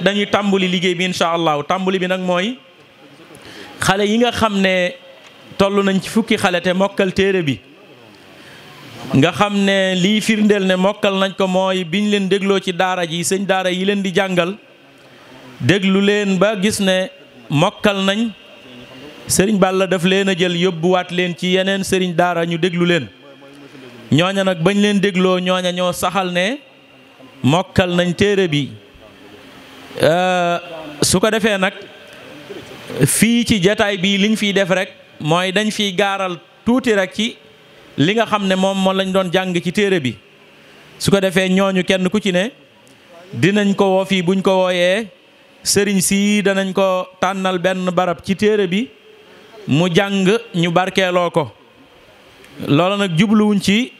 dañuy tàmbali liggéey bi incha allahu tàmbali bi nag mooy xale yi nga xam ne toll nañ ci fukki xale te mokkal téere bi nga xam ne lii firndeel ne mokkal nañ ko mooy biñ leen dégloo ci daara ji sëñ daara yi leen di jàngal déglu leen ba gis ne mokkal nañ sëriñ Balla daf leen a jël yóbbuwaat leen ci yeneen sëriñ daara ñu déglu leen ñooña nag bañ leen dégloo ñooña ñoo saxal ne mokkal nañ téere bi Euh, su ko defee nag fii ci jataay bii liñ fiy def rek mooy dañ fiy gaaral tuuti rek ci li nga xam ne moom moo lañ doon jàng ci téere bi su ko defee ñooñu kenn ku ci ne dinañ ko woo fii buñ ko wooyee sëriñ sii danañ ko tànnal benn barab ci téere bi mu jàng ñu barkeeloo ko loolu nag jubluwuñ ci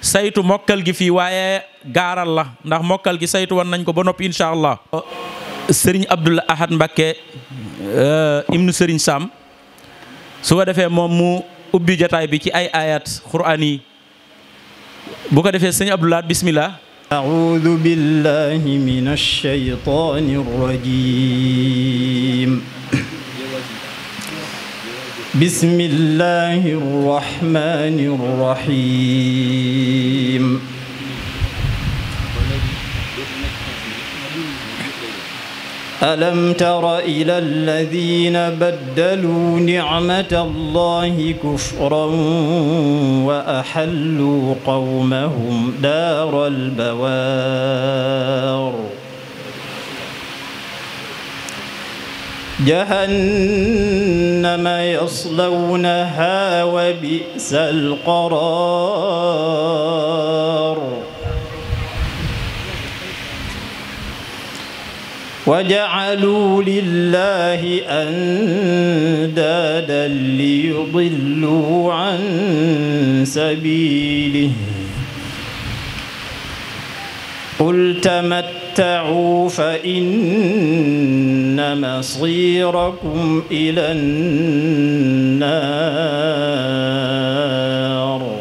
saytu mokkal gi fii waaye gaaral la ndax mokkal gi saytu woon nañ ko ba noppi incha allah. sëriñ Abdoul Ahad Mbacké euh, ibnu sëriñ Sam su ko defee moom mu ubbi jotaay bi ci ay ayat quraan bu ko defee sëriñ Abdoul Ahad bismillah أعوذ بالله من الشيطان الرجيم بسم ألم تر إلى الذين بدلوا نعمة الله كفرا وأحلوا قومهم دار البوار جهنم يصلونها وبئس القرار وجعلوا لله أندادا ليضلوا عن سبيله قل تمتعوا فإن مصيركم إلى النار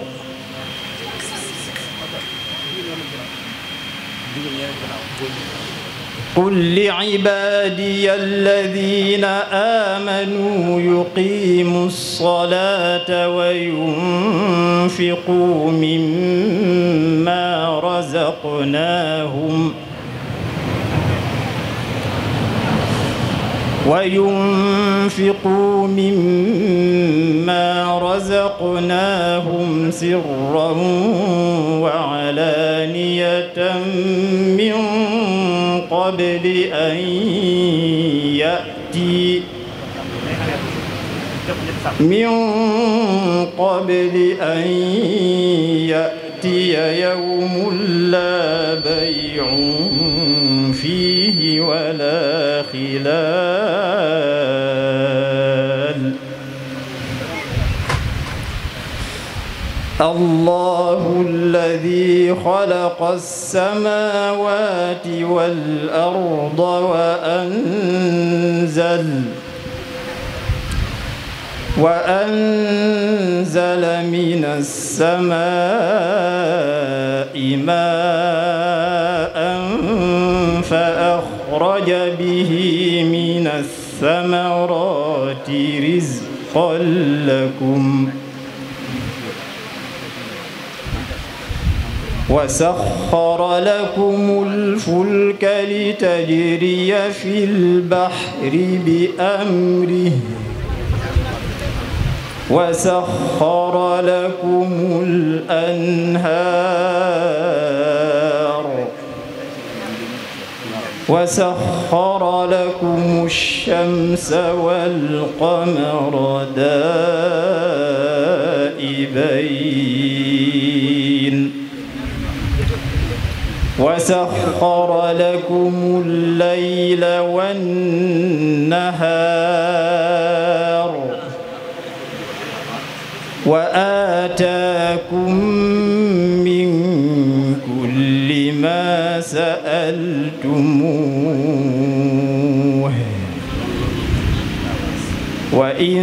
قل لعبادي الذين آمنوا يقيموا الصلاة وينفقوا مما رزقناهم وينفقوا مما رزقناهم سرا وعلانية قبل أن يأتي من قبل أن يأتي يوم لا بيع فيه ولا خلاف الله الذي خلق السماوات والأرض وأنزل وأنزل من السماء ماء فأخرج به من الثمرات رزقا لكم ۖ وسخر لكم الفلك لتجري في البحر بأمره وسخر لكم الأنهار وسخر لكم الشمس والقمر دائبين وسخر لكم الليل والنهار وآتاكم من كل ما سألتموه وإن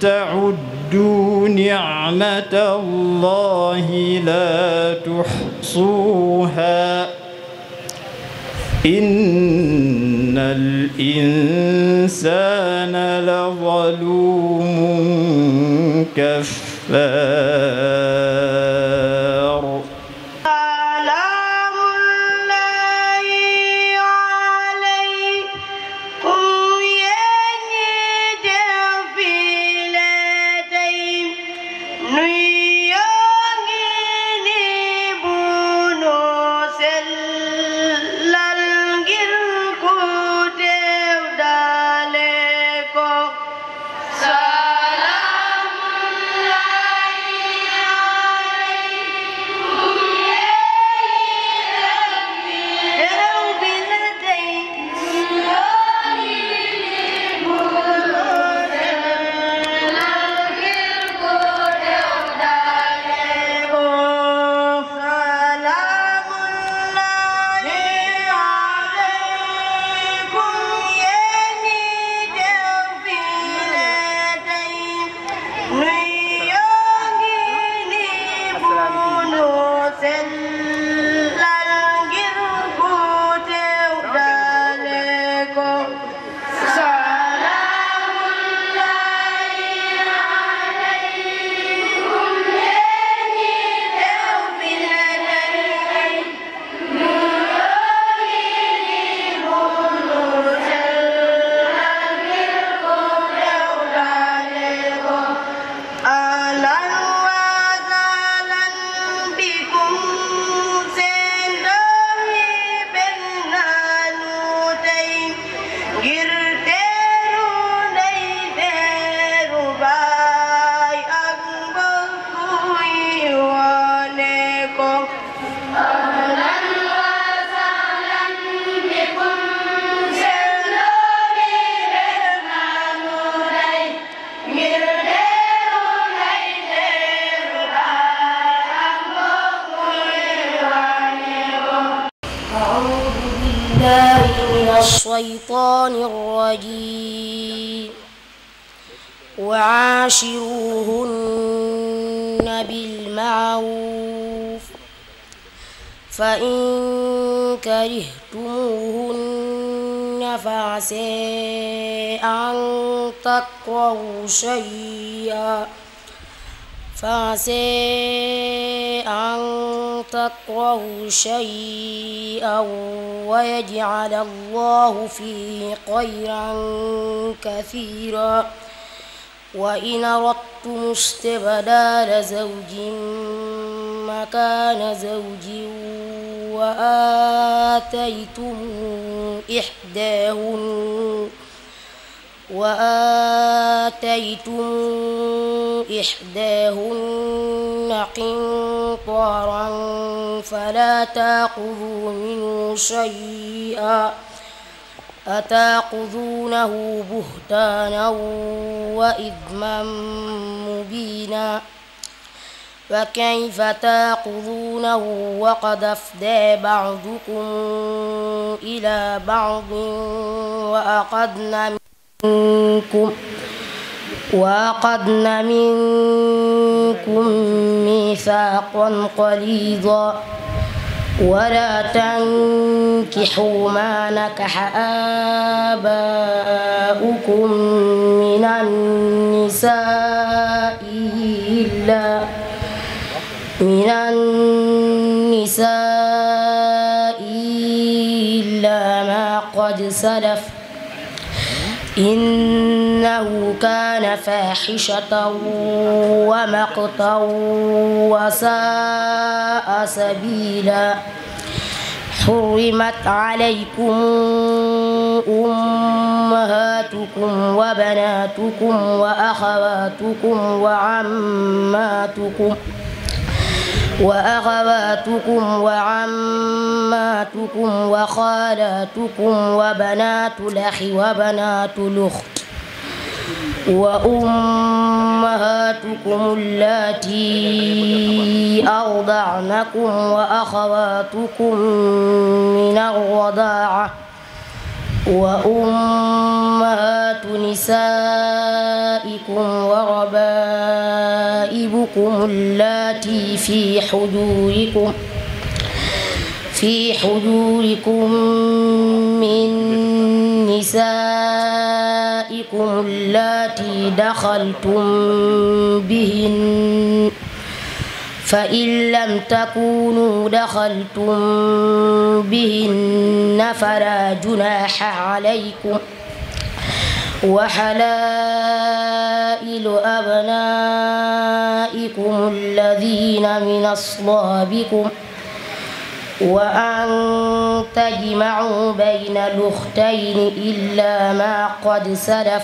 تعدوا نعمة الله لا تحصوها يحصوها إن الإنسان لظلوم كفار فعسى أن تكرهوا شيئا فعسى أن تكرهوا شيئا ويجعل الله فيه خيرا كثيرا وإن أردتم استبدال زوج مكان زوج وآتيتم إحداهن وآتيتم إحداهن قنطارا فلا تأخذوا منه شيئا أتأخذونه بهتانا وإثما مبينا فكيف تاخذونه وقد أفدى بعضكم إلى بعض وأخذن منكم وأخذن منكم ميثاقا غليظا ولا تنكحوا ما نكح آباؤكم من النساء إلا من النساء إلا ما قد سلف إنه كان فاحشة ومقتا وساء سبيلا حرمت عليكم أمهاتكم وبناتكم وأخواتكم وعماتكم وأخواتكم وعماتكم وخالاتكم وبنات الأخ وبنات الأخت وأمهاتكم اللاتي أرضعنكم وأخواتكم من الرضاعة وأمهات نسائكم وربائبكم اللاتي في حجوركم في حجوركم من نسائكم اللاتي دخلتم بهن فإن لم تكونوا دخلتم بهن فلا جناح عليكم وحلائل أبنائكم الذين من أصلابكم وأن تجمعوا بين الأختين إلا ما قد سلف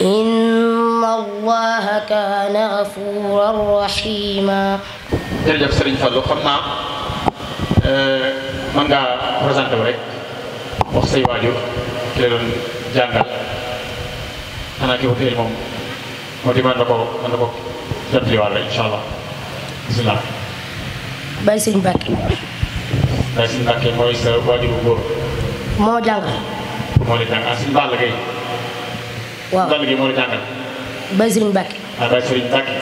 إن inna allaha kaana gafuuran rahiima jërëjëf sëriñ Fallou xam naa euh, mën ngaa présenté wu rek wax say waajur ki la doon jàngal xanaa ki ko téye moom moo di mën na ko mën na ko jotliwaat rek incha allah bisimilah. Baye Sëñ Mbacke. Baye Sëñ Mbacke mooy sa waajur bu góor. moo jàngal. moo la jàngal ah Sëñ Balla Gueye. waaw Balla Gueye moo la jàngal. Baye Serigne Mbacke. ah Baye Serigne Mbacke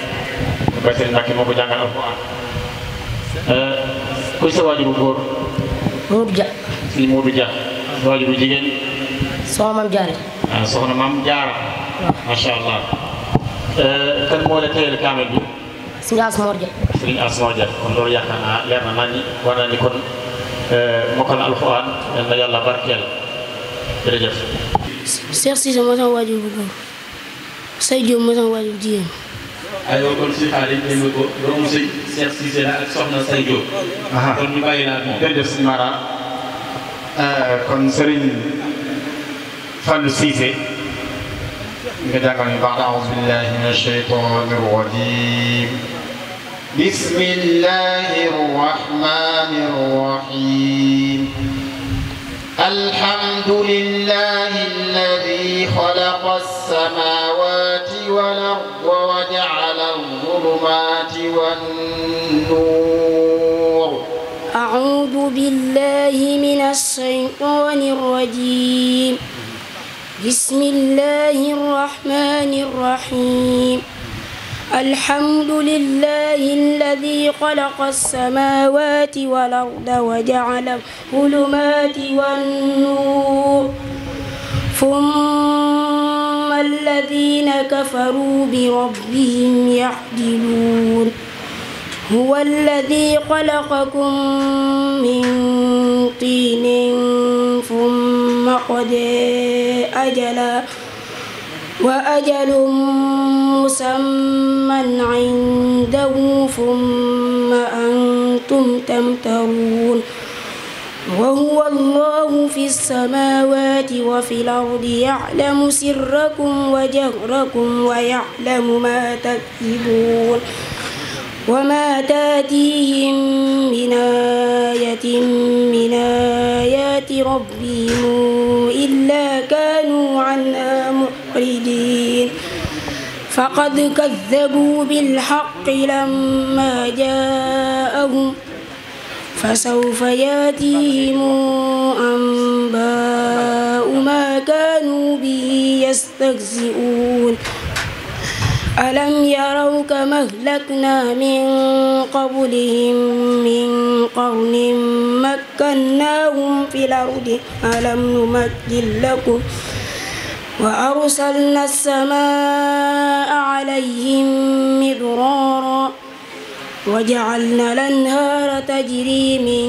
Baye Serigne Mbacke moo ko jàngal alxuraan. Eh, kuy sa waajuru góor. Modou Dia. Serigne Modou Dia. sa waajuru jigéen. soxna maam Diarra. ah soxna maam Diarra. waaw eh, kan moo la teyal bi. Serigne Asmor Dia. Serigne Asmor Dia leer na naa ni war naa ni kon eh, mokkal alxuraan yal na yàlla barkeel jërëjëf. Cheikh Cissé moo Sey Diop mooy sama waajur jigéen. aywa kon si xaalis ñu ngi ko doomu sëñ Cheikh Cissé la ak soxna Sey Diop. kon ñu bàyyi laa moom. jërëjëf si Mara euh, kon Serigne Fallou Cissé nga jàngal ñu baax aouzu billahi min acheytan rajim bismillahi rahmani rahim الحمد لله الذي خلق السماوات والأرض وجعل الظلمات والنور أعوذ بالله من الشيطان الرجيم بسم الله الرحمن الرحيم الحمد لله الذي خلق السماوات والأرض وجعل الظلمات والنور ثم الذين كفروا بربهم يعدلون هو الذي خلقكم من طين ثم قضى أجلاً وأجل مسمى عنده ثم أنتم تمترون وهو الله في السماوات وفي الأرض يعلم سركم وجهركم ويعلم ما تكذبون وما تاتيهم من آية من آيات ربهم إلا كانوا عنها مؤمنين مخرجين فقد كذبوا بالحق لما جاءهم فسوف ياتيهم أنباء ما كانوا به يستهزئون ألم يروا كما أهلكنا من قبلهم من قرن مكناهم في الأرض ألم نمكن لكم ؟ وأرسلنا السماء عليهم مدرارا وجعلنا الأنهار تجري من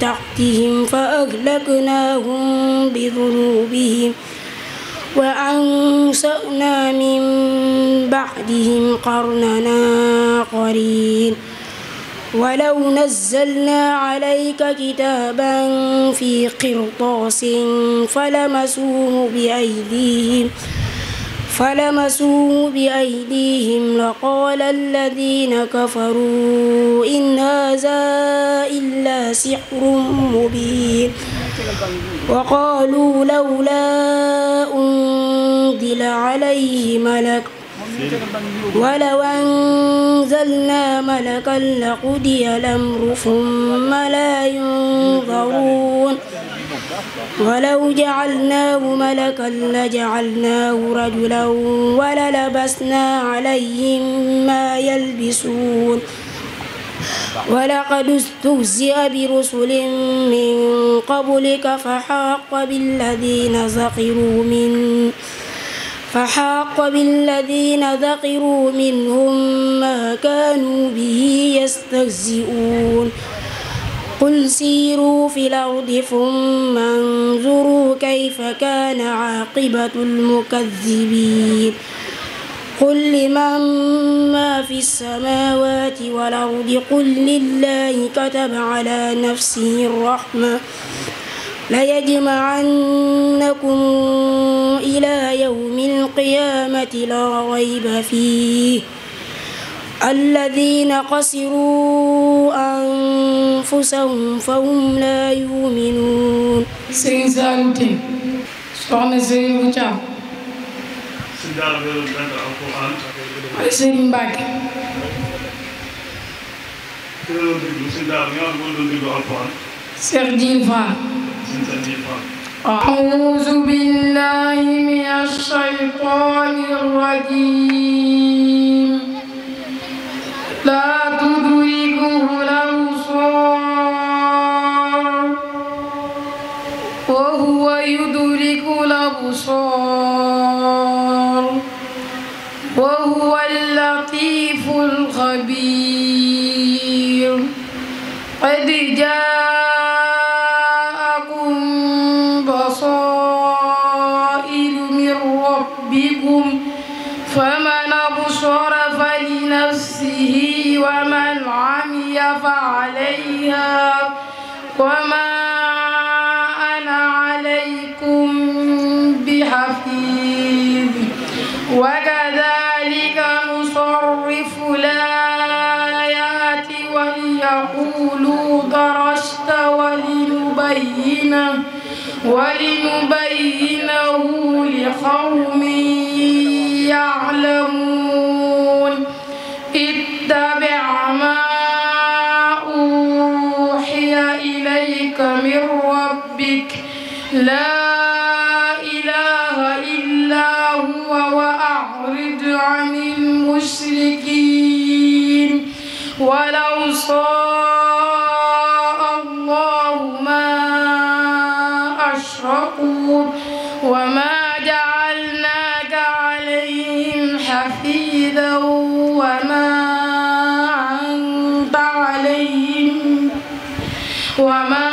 تحتهم فأهلكناهم بذنوبهم وأنشأنا من بعدهم قرننا قرين ولو نزلنا عليك كتابا في قرطاس فلمسوه بأيديهم فلمسوه بأيديهم لقال الذين كفروا إن هذا إلا سحر مبين وقالوا لولا أنزل عليه ملك ولو أنزلنا ملكا لقضي الأمر ثم لا ينظرون ولو جعلناه ملكا لجعلناه رجلا وللبسنا عليهم ما يلبسون ولقد استهزئ برسل من قبلك فحاق بالذين سخروا منه فحاق بالذين ذقروا منهم ما كانوا به يستهزئون قل سيروا في الأرض ثم انظروا كيف كان عاقبة المكذبين قل لمن ما في السماوات والأرض قل لله كتب على نفسه الرحمة ليجمعنكم إلى يوم القيامة لا ريب فيه الذين خسروا أنفسهم فهم لا يؤمنون Serigne Saliou Tine soxna Serigne bu Thiam Serigne Mbacke Cheikh Djil Fall أعوذ بالله من الشيطان الرجيم لا تدركه الأبصار وهو يدرك الأبصار وهو اللطيف الخبير قد جاء ومن عمي فعليها وما أنا عليكم بحفيظ وكذلك نصرف الآيات وليقولوا درست ولنبينه ولنبينه لقوم يعلمون لا إله إلا هو وأعرض عن المشركين ولو صاء الله ما أشركوا وما جعلناك عليهم حفيظا وما أنت عليهم وما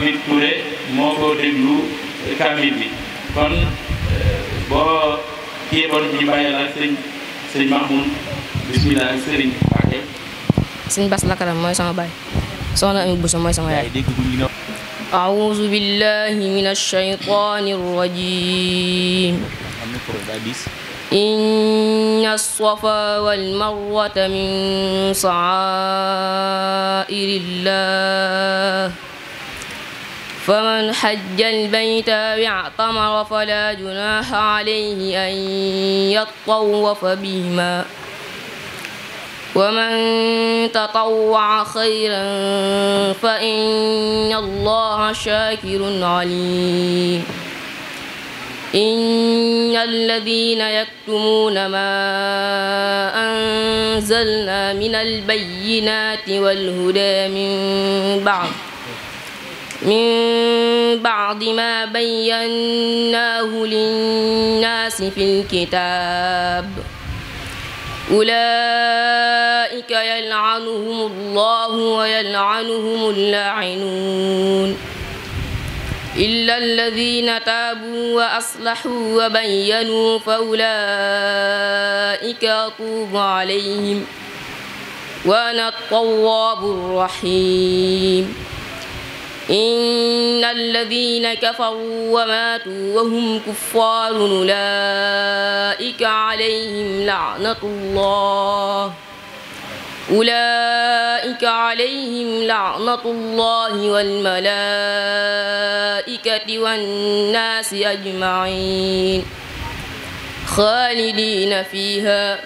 Hamid Touré moo ko déglu kamil bi kon euh, boo jéemoon ñu bàyyi la sëñ sëñ Mahmoud bisimilah sëriñ Mbacke. sëñ Bass Lakaram mooy sama baay soxna Ami Bousso mooy sama yaay. أعوذ بالله من الشيطان الرجيم إن الصفا والمروة من صعائر الله فمن حج البيت أو اعتمر فلا جناح عليه أن يطوف بهما ومن تطوع خيرا فإن الله شاكر عليم إن الذين يكتمون ما أنزلنا من البينات والهدى من بعد من بعد ما بيناه للناس في الكتاب أولئك يلعنهم الله ويلعنهم اللاعنون إلا الذين تابوا وأصلحوا وبينوا فأولئك أتوب عليهم وأنا التواب الرحيم إن الذين كفروا وماتوا وهم كفار أولئك عليهم لعنة الله أولئك عليهم لعنة الله والملائكة والناس أجمعين خالدين فيها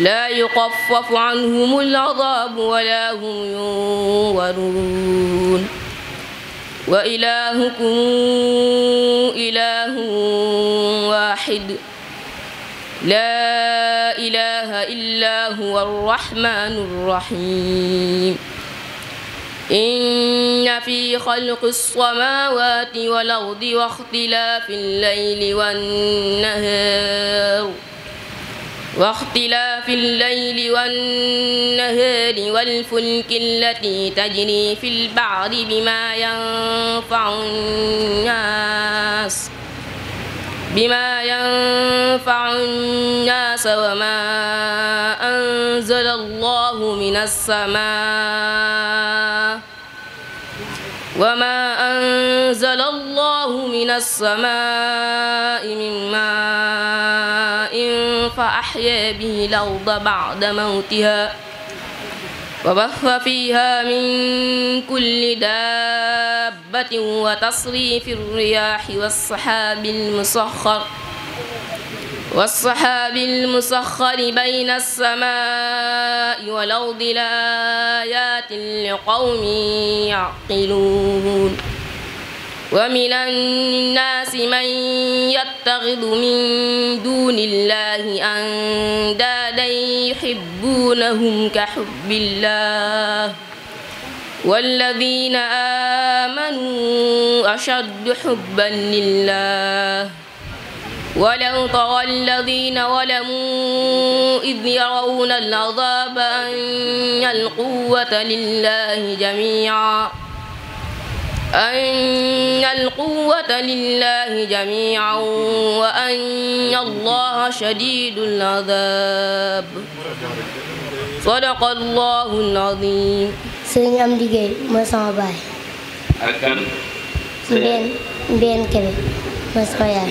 لا يخفف عنهم العذاب ولا هم ينظرون wa ilaahukum ilaahun waaxid laa ilaaha illaa huwa arrahmaanu arrahiim inna fi xalqi samaawaati wal ardi wa ixtilaafi allayli wan nahaar واختلاف الليل والنهار والفلك التي تجري في البحر بما ينفع الناس بما ينفع الناس وما أنزل الله من السماء وما أنزل الله من السماء من ماء فأحيا به الأرض بعد موتها وبث فيها من كل دابة وتصريف الرياح والسحاب المسخر والصحاب المسخر بين السماء والأرض لآيات لقوم يعقلون ومن الناس من يتخذ من دون الله أندادا يحبونهم كحب الله والذين آمنوا أشد حبا لله ولو ترى الذين ظلموا إذ يرون العذاب أن القوة لله جميعا أن القوة لله جميعا وأن الله شديد العذاب صدق الله العظيم sëriñ Amdi Gueye mooy sama baay ak kan mbeen mbeen kebe mooy sama yaay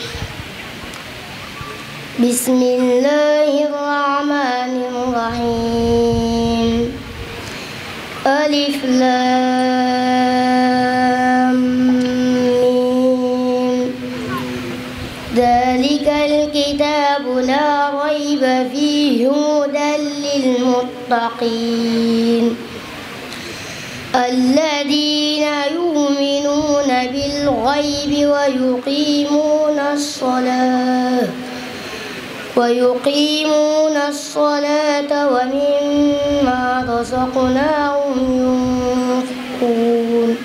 بسم الله الرحمن الرحيم ألف لام ميم ذلك الكتاب لا ريب فيه هدى للمتقين الذين يؤمنون بالغيب ويقيمون الصلاه ويقيمون الصلاة ومما رزقناهم ينفقون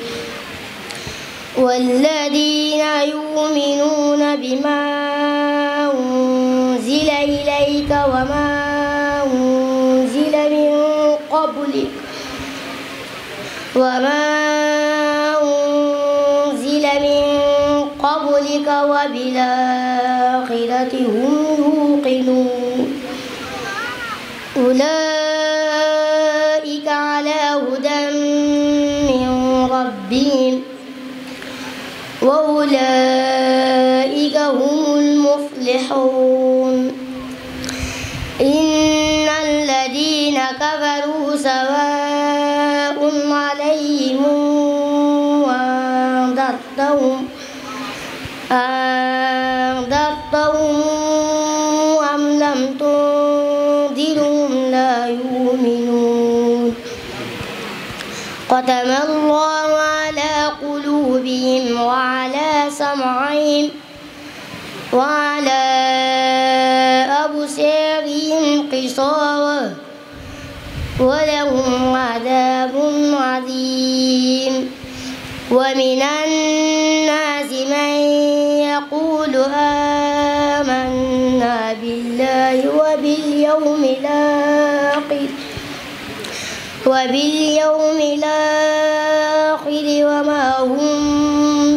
والذين يؤمنون بما أنزل إليك وما أنزل من قبلك وما أنزل من قبلك وبالآخرة هم أولئك على هدى من ربهم وأولئك ختم الله على قلوبهم وعلى سمعهم وعلى أبصارهم قصاوة ولهم عذاب عظيم ومن الناس من يقول آمنا بالله وباليوم الآخر وباليوم الآخر وما هم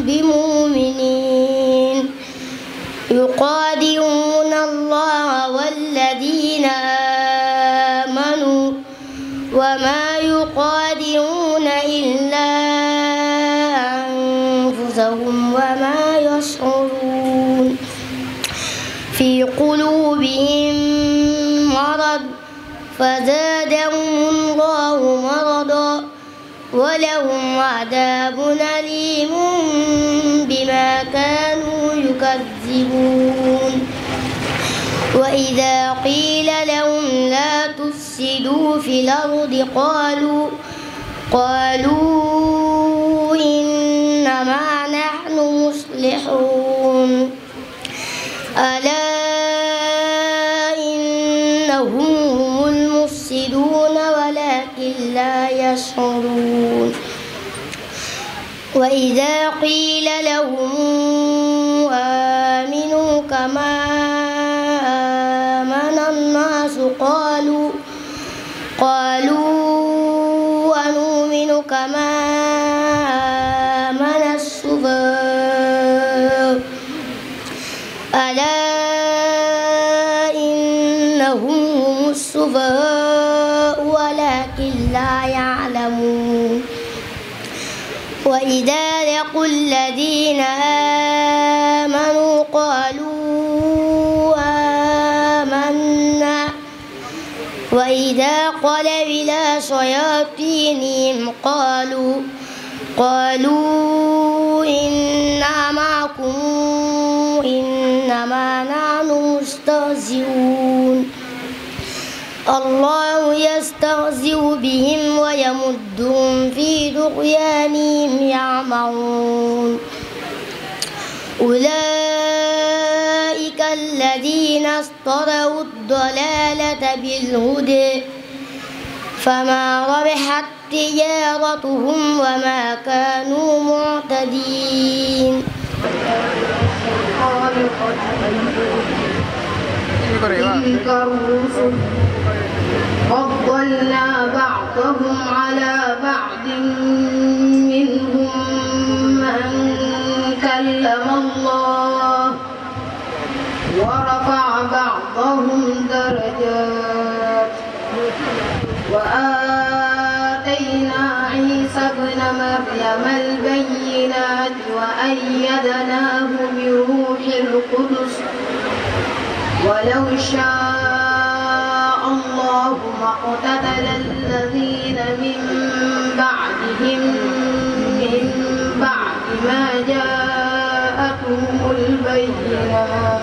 بمؤمنين يقادرون الله والذين آمنوا وما يقادرون إلا أنفسهم وما يشعرون في قلوبهم مرض فزادهم أو مرضا ولهم عذاب أليم بما كانوا يكذبون وإذا قيل لهم لا تفسدوا في الأرض قالوا قالوا إنما نحن مصلحون ألا لا يشعرون وإذا قيل لهم آمنوا كما آمن الناس قالوا قالوا أنؤمن كما آمن السفهاء ألا إنهم هم السفهاء وإذا لقوا الذين آمنوا قالوا آمنا وإذا خلوا إلى شياطينهم قالوا قالوا إنا معكم إنما نحن مستهزئون الله يستهزئ بهم ويمدهم في طغيانهم يعمهون أولئك الذين اشتروا الضلالة بالهدى فما ربحت تجارتهم وما كانوا معتدين تلك الرسل فضلنا بعضهم على بعض منهم من كلم الله ورفع بعضهم درجات وآتينا عيسى ابن مريم البينات وأيدناه بروح القدس ولو شاء مقتتل الذين من بعدهم من بعد ما جاءتهم البينات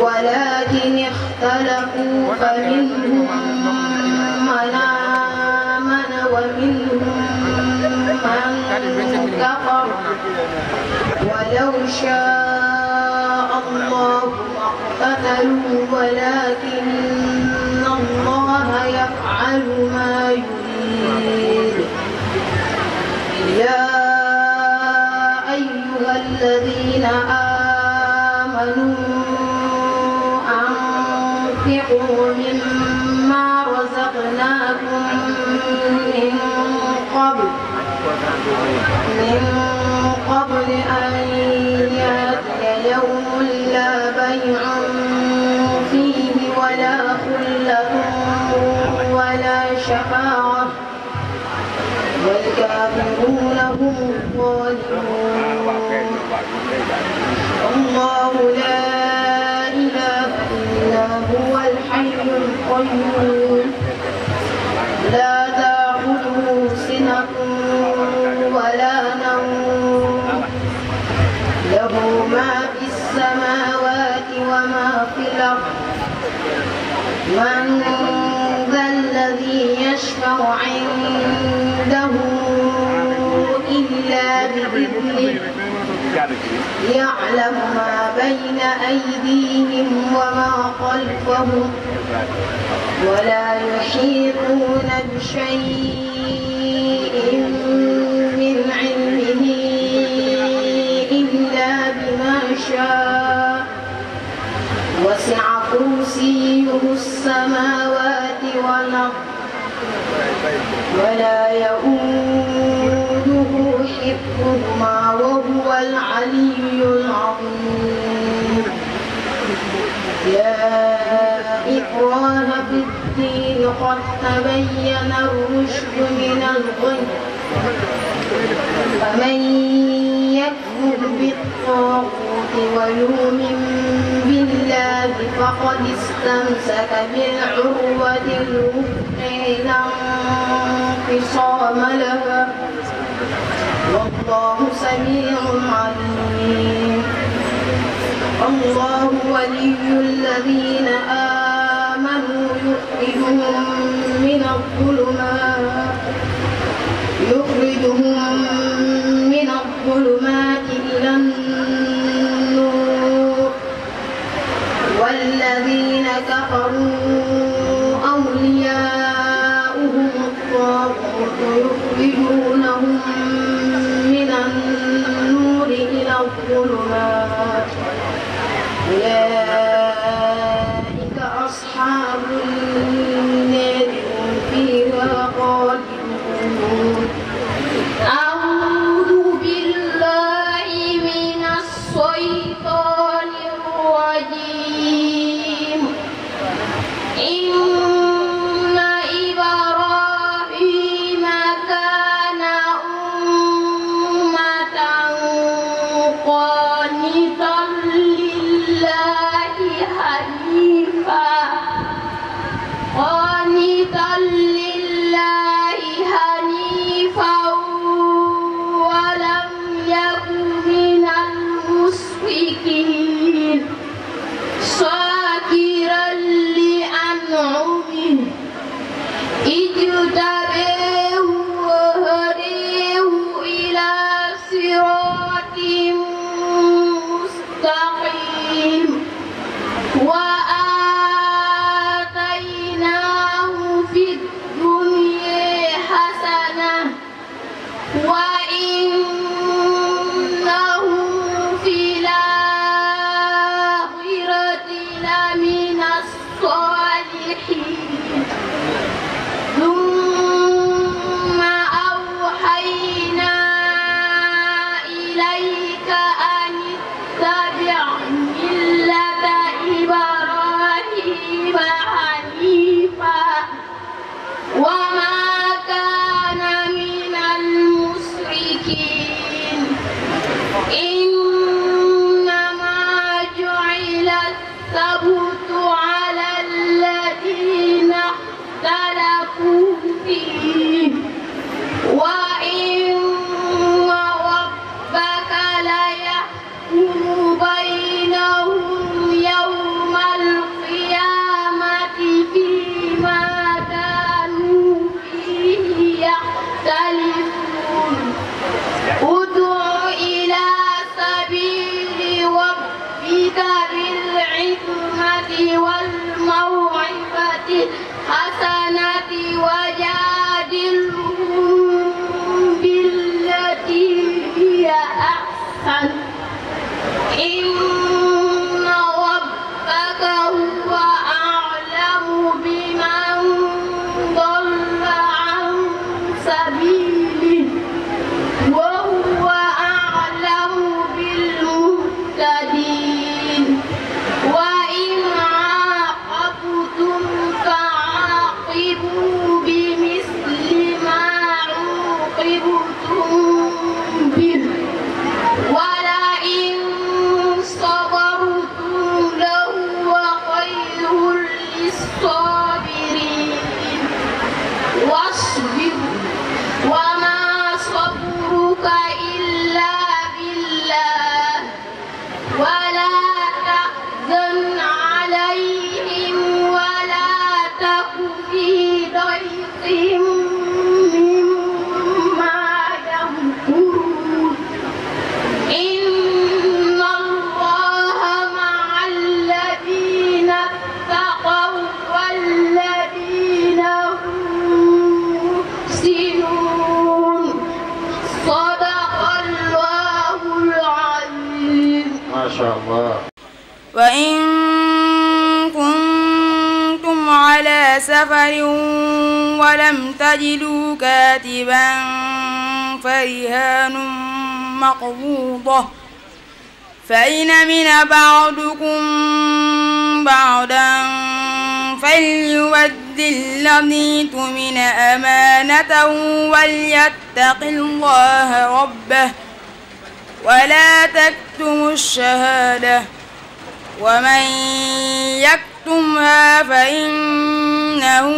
ولكن اختلفوا فمنهم من آمن ومنهم من كفر ولو شاء الله ما اقتتلوا ولكن الذين آمنوا أنفقوا مما رزقناكم من قبل من قبل أن يأتي يوم لا بيع فيه ولا خلة ولا شفاعة والكافرون هم الظالمون الله لا إله إلا هو الحي القيوم لا تأخذه سنة ولا نوم له ما في السماوات وما في الأرض من ذا الذي يشفع عنده إلا بإذنه الكاذبين يعلم ما بين أيديهم وما خلفهم ولا يحيطون بشيء من علمه إلا بما شاء وسع كرسيه السماوات والأرض ولا يؤوم يذكرهما وهو العلي العظيم لا إكراه في الدين قد تبين الرشد من الغي فمن يكفر بالطاغوت ويؤمن بالله فقد استمسك بالعروة الوثقى لا انفصام لها والله سميع عليم الله ولي الذين آمنوا يخرجهم من الظلمات يخرجهم من الظلمات إلى النور والذين كفروا أولياؤهم الطاغوت يخرجون من النور إلى الظلمات فاعتدلوا كاتبا فرهان مقبوضة فإن من بعضكم بعضا فليؤد الذي تمن أمانته وليتق الله ربه ولا تكتموا الشهادة ومن يكتم فعلتمها فإنه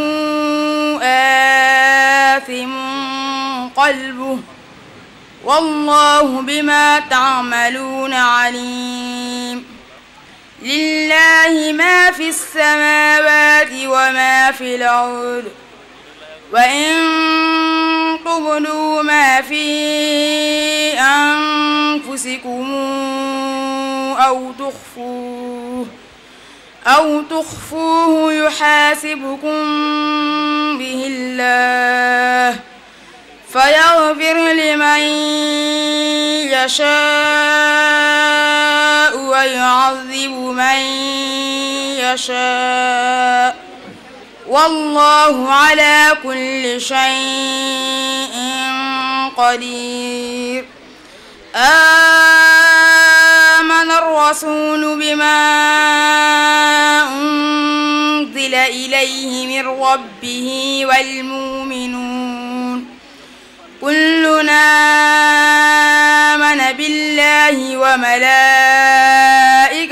آثم قلبه والله بما تعملون عليم لله ما في السماوات وما في الأرض وإن تبدوا ما في أنفسكم أو تخفوه أو تخفوه يحاسبكم به الله فيغفر لمن يشاء ويعذب من يشاء والله على كل شيء قدير آمن الرسول بما إليه من ربه والمؤمنون كلنا آمن بالله وملائكته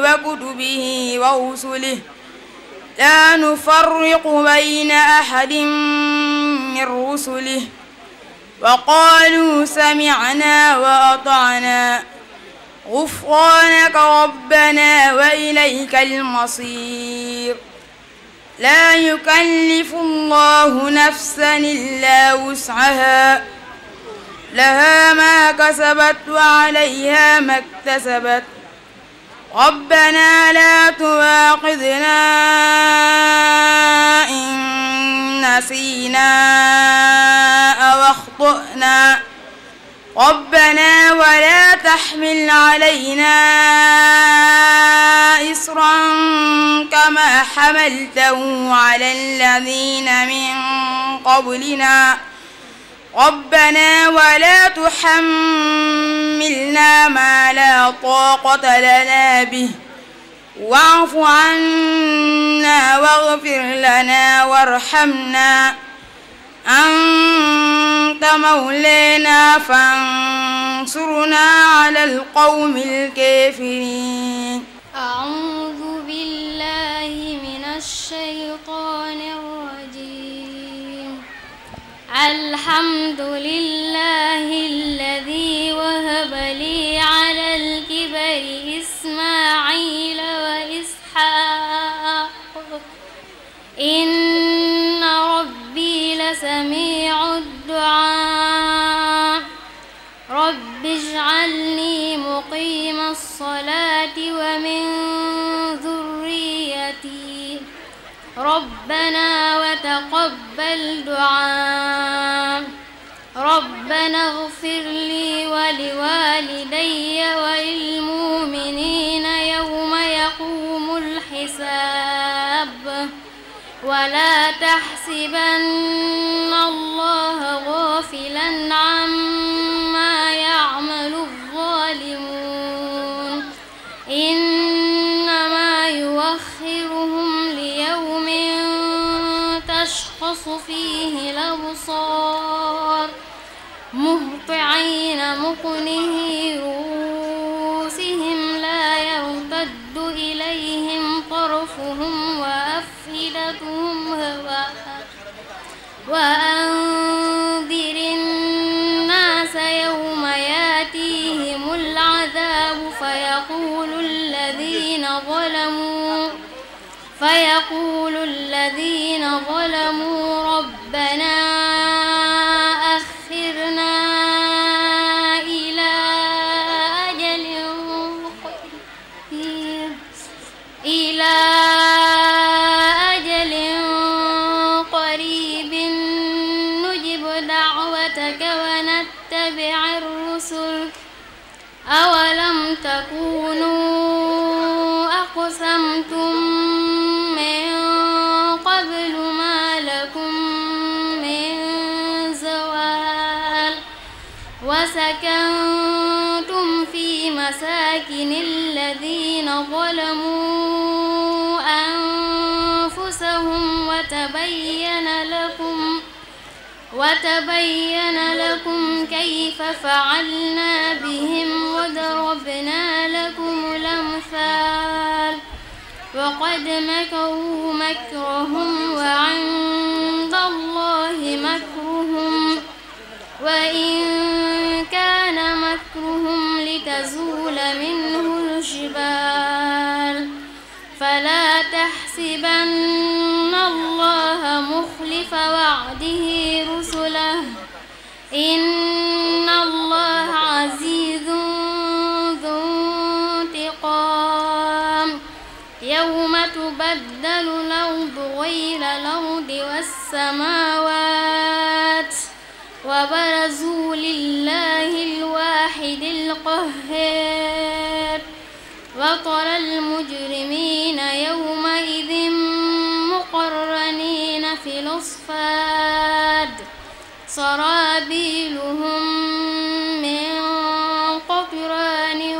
وكتبه ورسله لا نفرق بين أحد من رسله وقالوا سمعنا وأطعنا غفرانك ربنا وإليك المصير لا يكلف الله نفسا إلا وسعها لها ما كسبت وعليها ما اكتسبت ربنا لا تواخذنا إن نسينا أو أخطأنا ربنا ولا تحمل علينا إصرا كما حملته على الذين من قبلنا ربنا ولا تحملنا ما لا طاقة لنا به واعف عنا واغفر لنا وارحمنا أنت مولانا فانصرنا على القوم الكافرين أعوذ بالله من الشيطان الرجيم الحمد لله الذي وهب لي على الكبر إسماعيل وإسحاق إن لسميع الدعاء رب اجعلني مقيم الصلاة ومن ذريتي ربنا وتقبل دعاء ربنا اغفر لي ولوالدي وللمؤمنين يوم يقوم الحساب ولا تحسبن الله غافلا عما يعمل الظالمون إنما يوخرهم ليوم تشخص فيه الأبصار مهطعين مقنهي رؤوسهم وأنذر الناس يوم ياتيهم العذاب فيقول الذين ظلموا فيقول الذين ظلموا ربنا ظلموا أنفسهم وتبين لكم وتبين لكم كيف فعلنا بهم وضربنا لكم الأمثال وقد مكروا مكرهم وعند الله مكرهم وإن كان مكرهم لتزول منه الجبال يحسبن الله مخلف وعده رسله إن الله عزيز ذو انتقام يوم تبدل الأرض غير الأرض والسماوات وبرزوا لله الواحد القهار وترى المجرمين يومئذ مقرنين في الأصفاد سرابيلهم من قطران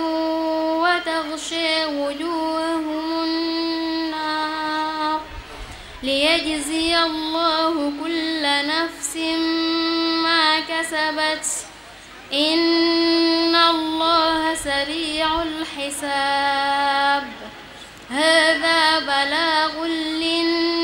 وتغشى وجوههم النار ليجزي الله كل نفس ما كسبت إن الله سريع الحساب هذا بلاغ للناس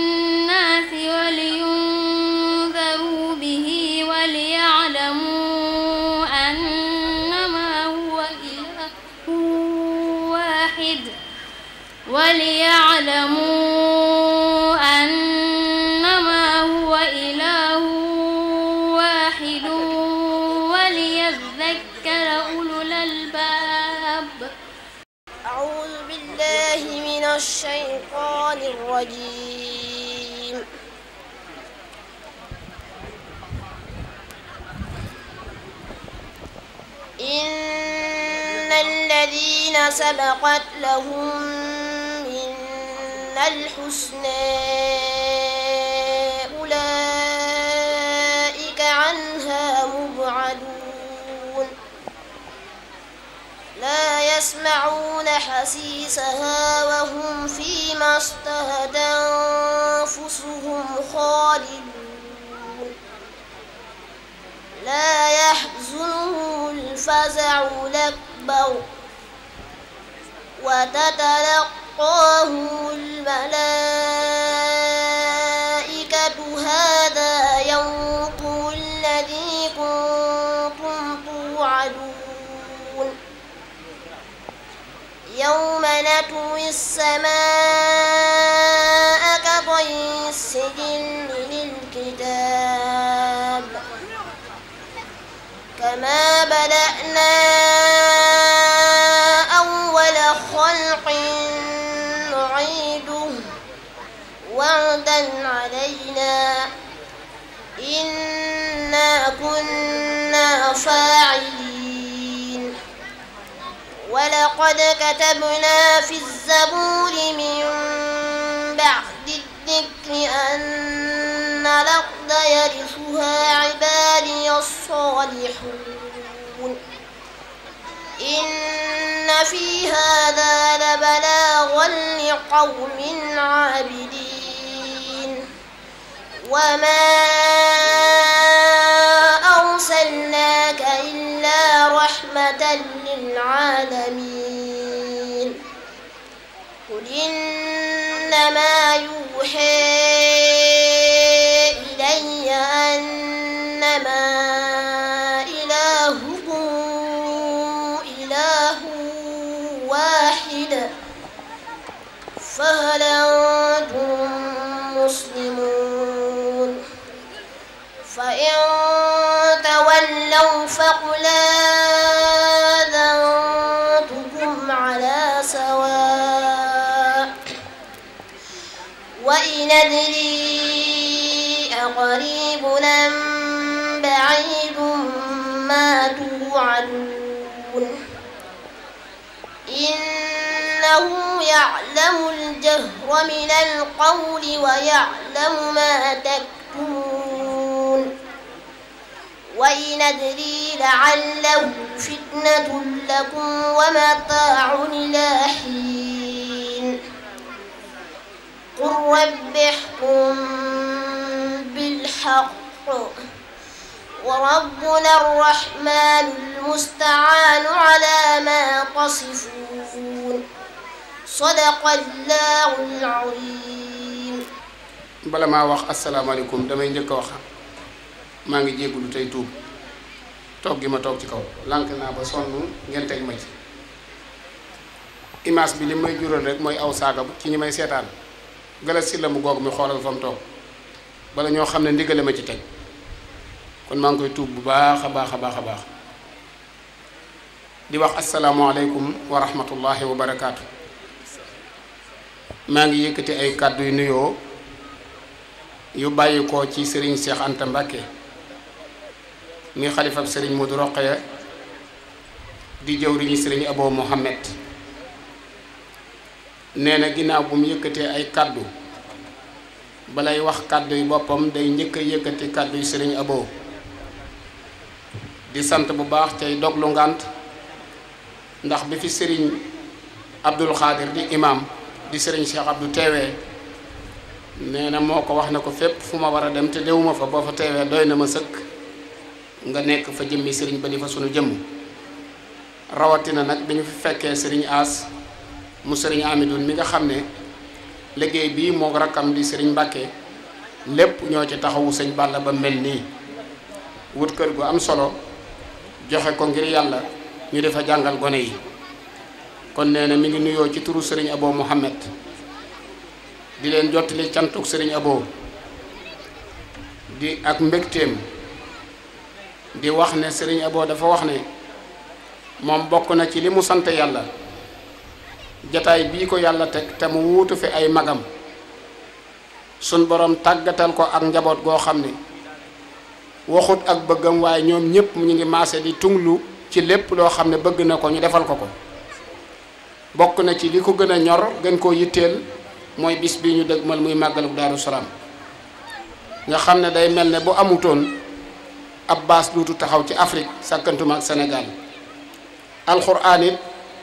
ما سبقت لهم منا الحسنى أولئك عنها مبعدون لا يسمعون حسيسها وهم فيما اشتهت أنفسهم خالدون لا يحزنهم الفزع الأكبر وتتلقاه الملائكة هذا يومكم الذي كنتم توعدون يوم نطوي السماء كطي السجل للكتاب كما بدأنا عتوا علينا إنا كنا فاعلين ولقد كتبنا في الزبور من بعد الذكر أن الأرض يرثها عبادي الصالحون إن في هذا لبلاغا لقوم عابدين وما أرسلناك إلا رحمة للعالمين يعلم الجهر من القول ويعلم ما تكتمون وإن أدري لعله فتنة لكم ومتاع إلى حين قل رب احكم بالحق وربنا الرحمن المستعان على ما تصفون sadaqallaahu al-aliim bala maa wax asalaamaaleykum damay njëkk a wax maa ngi jéggulu tey tuub toog gi ma toog ci kaw lànk naa ba sonn ngeen teg ma ci image bi li may jural rek mooy aw saaga ci ñi may seetaan gala si la mu goog mi xoolal fa mu toog bala ñoo xam ne ndigale ma ci teg kon maa ngi koy tuub bu baax a baax a baax a baax di wax asalaamaaleykum wa rahmatullahi wa barakaatu. maa ngi yëkkati ay kàddu yu nuyoo yu bàyyi ko ci sëriñ Cheikh Anta Mbacké mi xalifab sëriñ Modou Rokhaya di jëwriñu sëriñ Abo Mohamed nee na ginnaaw bu mu yëkkatee ay kàddu balay wax kàddu yu boppam day njëkk a yëkkati kàddu yu sëriñ Abo di sant bu baax cay doglu ngant ndax bi fi sëriñ Abdul Xaadir di imam di sëriñ Cheikh du teewee nee na moo ko wax na ko fépp fu ma war a dem te deewuma fa boo fa teewee doy na ma sëkk nga nekk fa jëmmi sëriñ ba di fa sunu jëmm rawatina nag bi ñu fi fekkee sëriñ As mu sëriñ Amidoun mi nga xam ne liggéey bii moo rakkam di sëriñ Mbàkke lépp ñoo ci taxawu sëñ Balla ba mel nii wut kër gu am solo joxe ko ngir yàlla ñu defa jàngal gone yi kon nee na mi ngi nuyoo ci turu sëriñ Abo Mouhamed di leen jottali cantuk sëriñ Abo di ak mbëgteem di wax ne sëriñ Abo dafa wax ne moom bokk na ci li mu sant yàlla jataay bii ko yàlla te te mu wuutu fi ay magam sun borom tàggatal ko ak njaboot goo xam ne waxut ak bëggam waaye ñoom ñëpp ñu ngi maase di tunglu ci lépp loo xam ne bëgg na ko ñu defal ko ko bokk na ci li ko gën a ñor gën koo yitteel mooy bis bi ñu dëgmal muy màggalu Daaru Salaam nga xam ne day mel ne bu amutoon ab baas duutu taxaw ci Afrique sàkkantuma ak Sénégal alxuraan it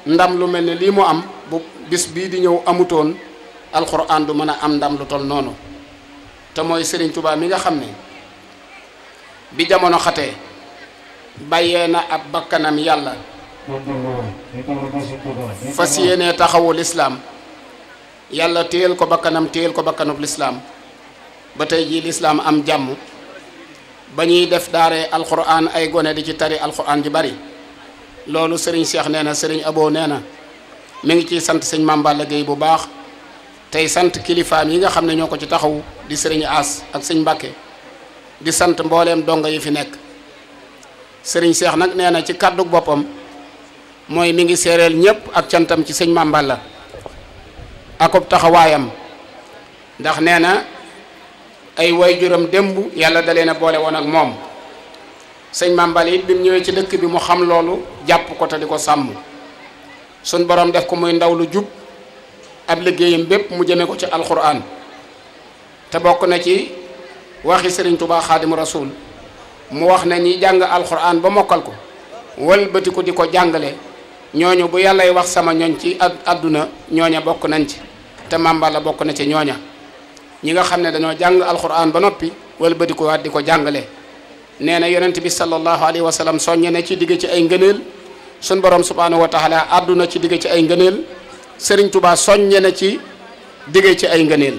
ndam lu mel ne lii mu am bu bis bii di ñëw amutoon alxuraan du mën a am ndam lu toll noonu te mooy sëriñ tubaab mi nga xam ne bi jamono xate bàyyee na ab bakkanam yàlla fas yéene taxawu lislaam yàlla téyel ko bakkanam téyel ko bakkanub lislaam ba tey jii lislaam am jàmm ba ñuy def daare alxuraan ay gone di ci tari alxuraan ji bari loolu sëriñ Cheikh nee na sëriñ Abo nee na mi ngi ciy sant sëñ Mame Balla Gueye bu baax tey sant kilifaam yi nga xam ne ñoo ko ci taxaw di sëriñ As ak sëñ Mbàkke di sant mbooleem donga yi fi nekk sëriñ Cheikh nag nee na ci kàddu boppam mooy mi ngi seereel ñépp ak cantam ci sëñ Mame Balla akob taxawaayam ndax nee na ay waajuram démb yàlla da leen a boole woon ak moom sëñ Mame Balla it bi mu ñëwee ci dëkk bi mu xam loolu jàpp ko te di ko sàmm suñ borom def ko muy ndaw lu jub ab liggéeyam bépp mu jëme ko ci alxuraan te bokk na ci waxi sëriñ Tuubaa xaadim rasuul mu wax ne ñi jàng alxuraan ba mokkal ko wëlbati di ko jàngale ñooñu bu yàllay wax sama ñooñ ci àdduna ñooña bokk nañ ci te mamba la bokk na ci ñooña ñi nga xam ne dañoo jàng alquran ba noppi wala ba di ko waat di ko jàngale nee na yonent bi sallallahu alayhi wa sallam soññe ne ci digg ci ay ngëneel sun borom subhanahu wa taala àdduna ci digg ci ay ngëneel Serigne tubaa soññe na ci digg ci ay ngëneel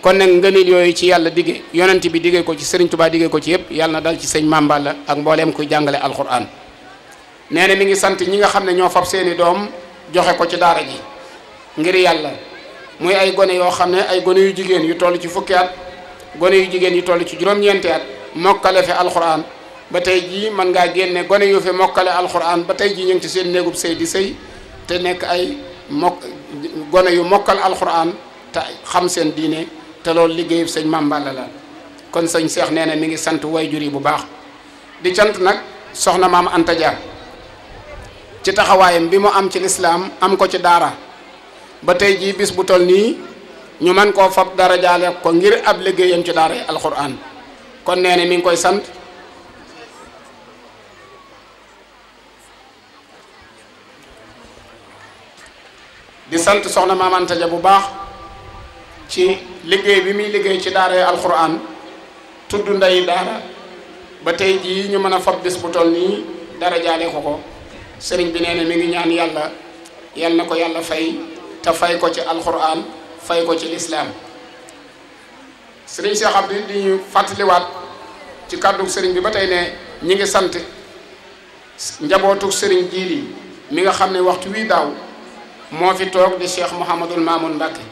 kon nag ngëneel yooyu ci yàlla digge yonent bi diggee ko ci Serigne tubaa diggee ko ci yëpp yàlla na dal ci sëñ mamba la ak mbooleem kuy jàngale alquran nee na mi ngi sant ñi nga xam ne ñoo fab seeni doom joxe ko ci daara ji ngir yàlla muy ay gone yoo xam ne ay gone yu jigéen yu toll ci fukki at gone yu jigéen yu toll ci juróom mokkale fi alxuraan ba tey jii mën ngaa génne gone yu fi mokkale alxuraan ba tey jii ñu ngi ci seen néegub sëy di sëy te nekk ay mokk gone yu mokkal alxuraan te xam seen diine te loolu liggéeyub sëñ Mame Balla la kon sëñ Cheikh nee na mi ngi sant jur yi bu baax di cant nag soxna maam Anta ci taxawaayam bi mu am ci lislaam am ko ci daara ba tey jii bis bu toll nii ñu mën koo fab dara jaale ko ngir ab liggéeyam ci daara alxuraan kon nee na mi ngi koy sant di sant soxna Maam Ja bu baax ci liggéey bi muy liggéey ci daara alxuraan tudd ndeyi daara ba tey jii ñu mën a fab bis bu toll nii dara jaale ko sëriñ bi nee na mi ngi ñaan yàlla yal na ko yàlla fay te fay ko ci alxuraan fay ko ci lislaam sëriñ Cheikh Abdou di ñu fàttaliwaat ci kàddu sëriñ bi ba tey ne ñi ngi sant njabootu sëriñ Jiili mi nga xam ne waxtu wi daaw moo fi toog di Cheikh Mouhamadul Mamoun Mbacke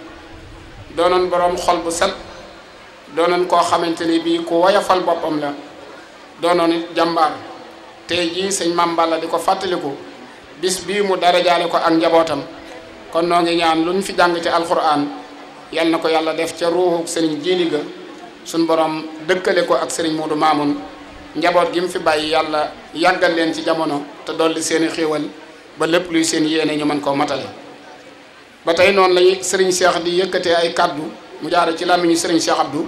doonoon boroom xol bu set doonoon koo xamante ni bii ko woyafal boppam la doonoon it jàmbaar. tey jii sëñ Mame Balla di ko fàttaliku bis bii mu dara jaare ko ak njabootam kon noo ngi ñaan lu ñu fi jàng ci alxuraan yal na ko yàlla def ca ruuxu sëriñ Jili ga suñ borom dëkkale ko ak sëriñ Moodu Maamun njaboot gi mu fi bàyyi yàlla yàggal leen ci jamono te dolli seeni xéewal ba lépp luy seen yéene ñu mën koo matale ba tey noonu lañu sëriñ Cheikh di yëkkatee ay kàddu mu jaare ci làmmiñu sëriñ Cheikh Abdou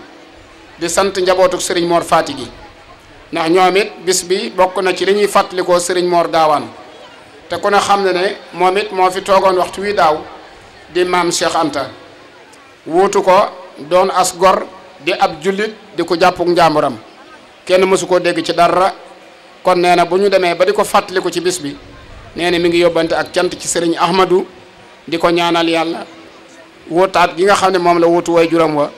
di sant njabootuk sëriñ Mor Faati gi ndax ñoom it bis bi bokk na ci li ñuy fàttalikoo sëriñ moor Gaawaan te ku ne xam ne ne moom it moo fi toogoon waxtu wi daaw di maam Cheikh Anta wuutu ko doon as gor di ab jullit di ko jàppug njàmburam kenn mësu koo dégg ci dara kon nee na bu ñu demee ba di ko fàttaliku ci bis bi nee ne mi ngi yóbbante ak cant ci sëriñ Ahmadou di ko ñaanal yàlla wóotaat gi nga xam ne moom la wuutu way juram wa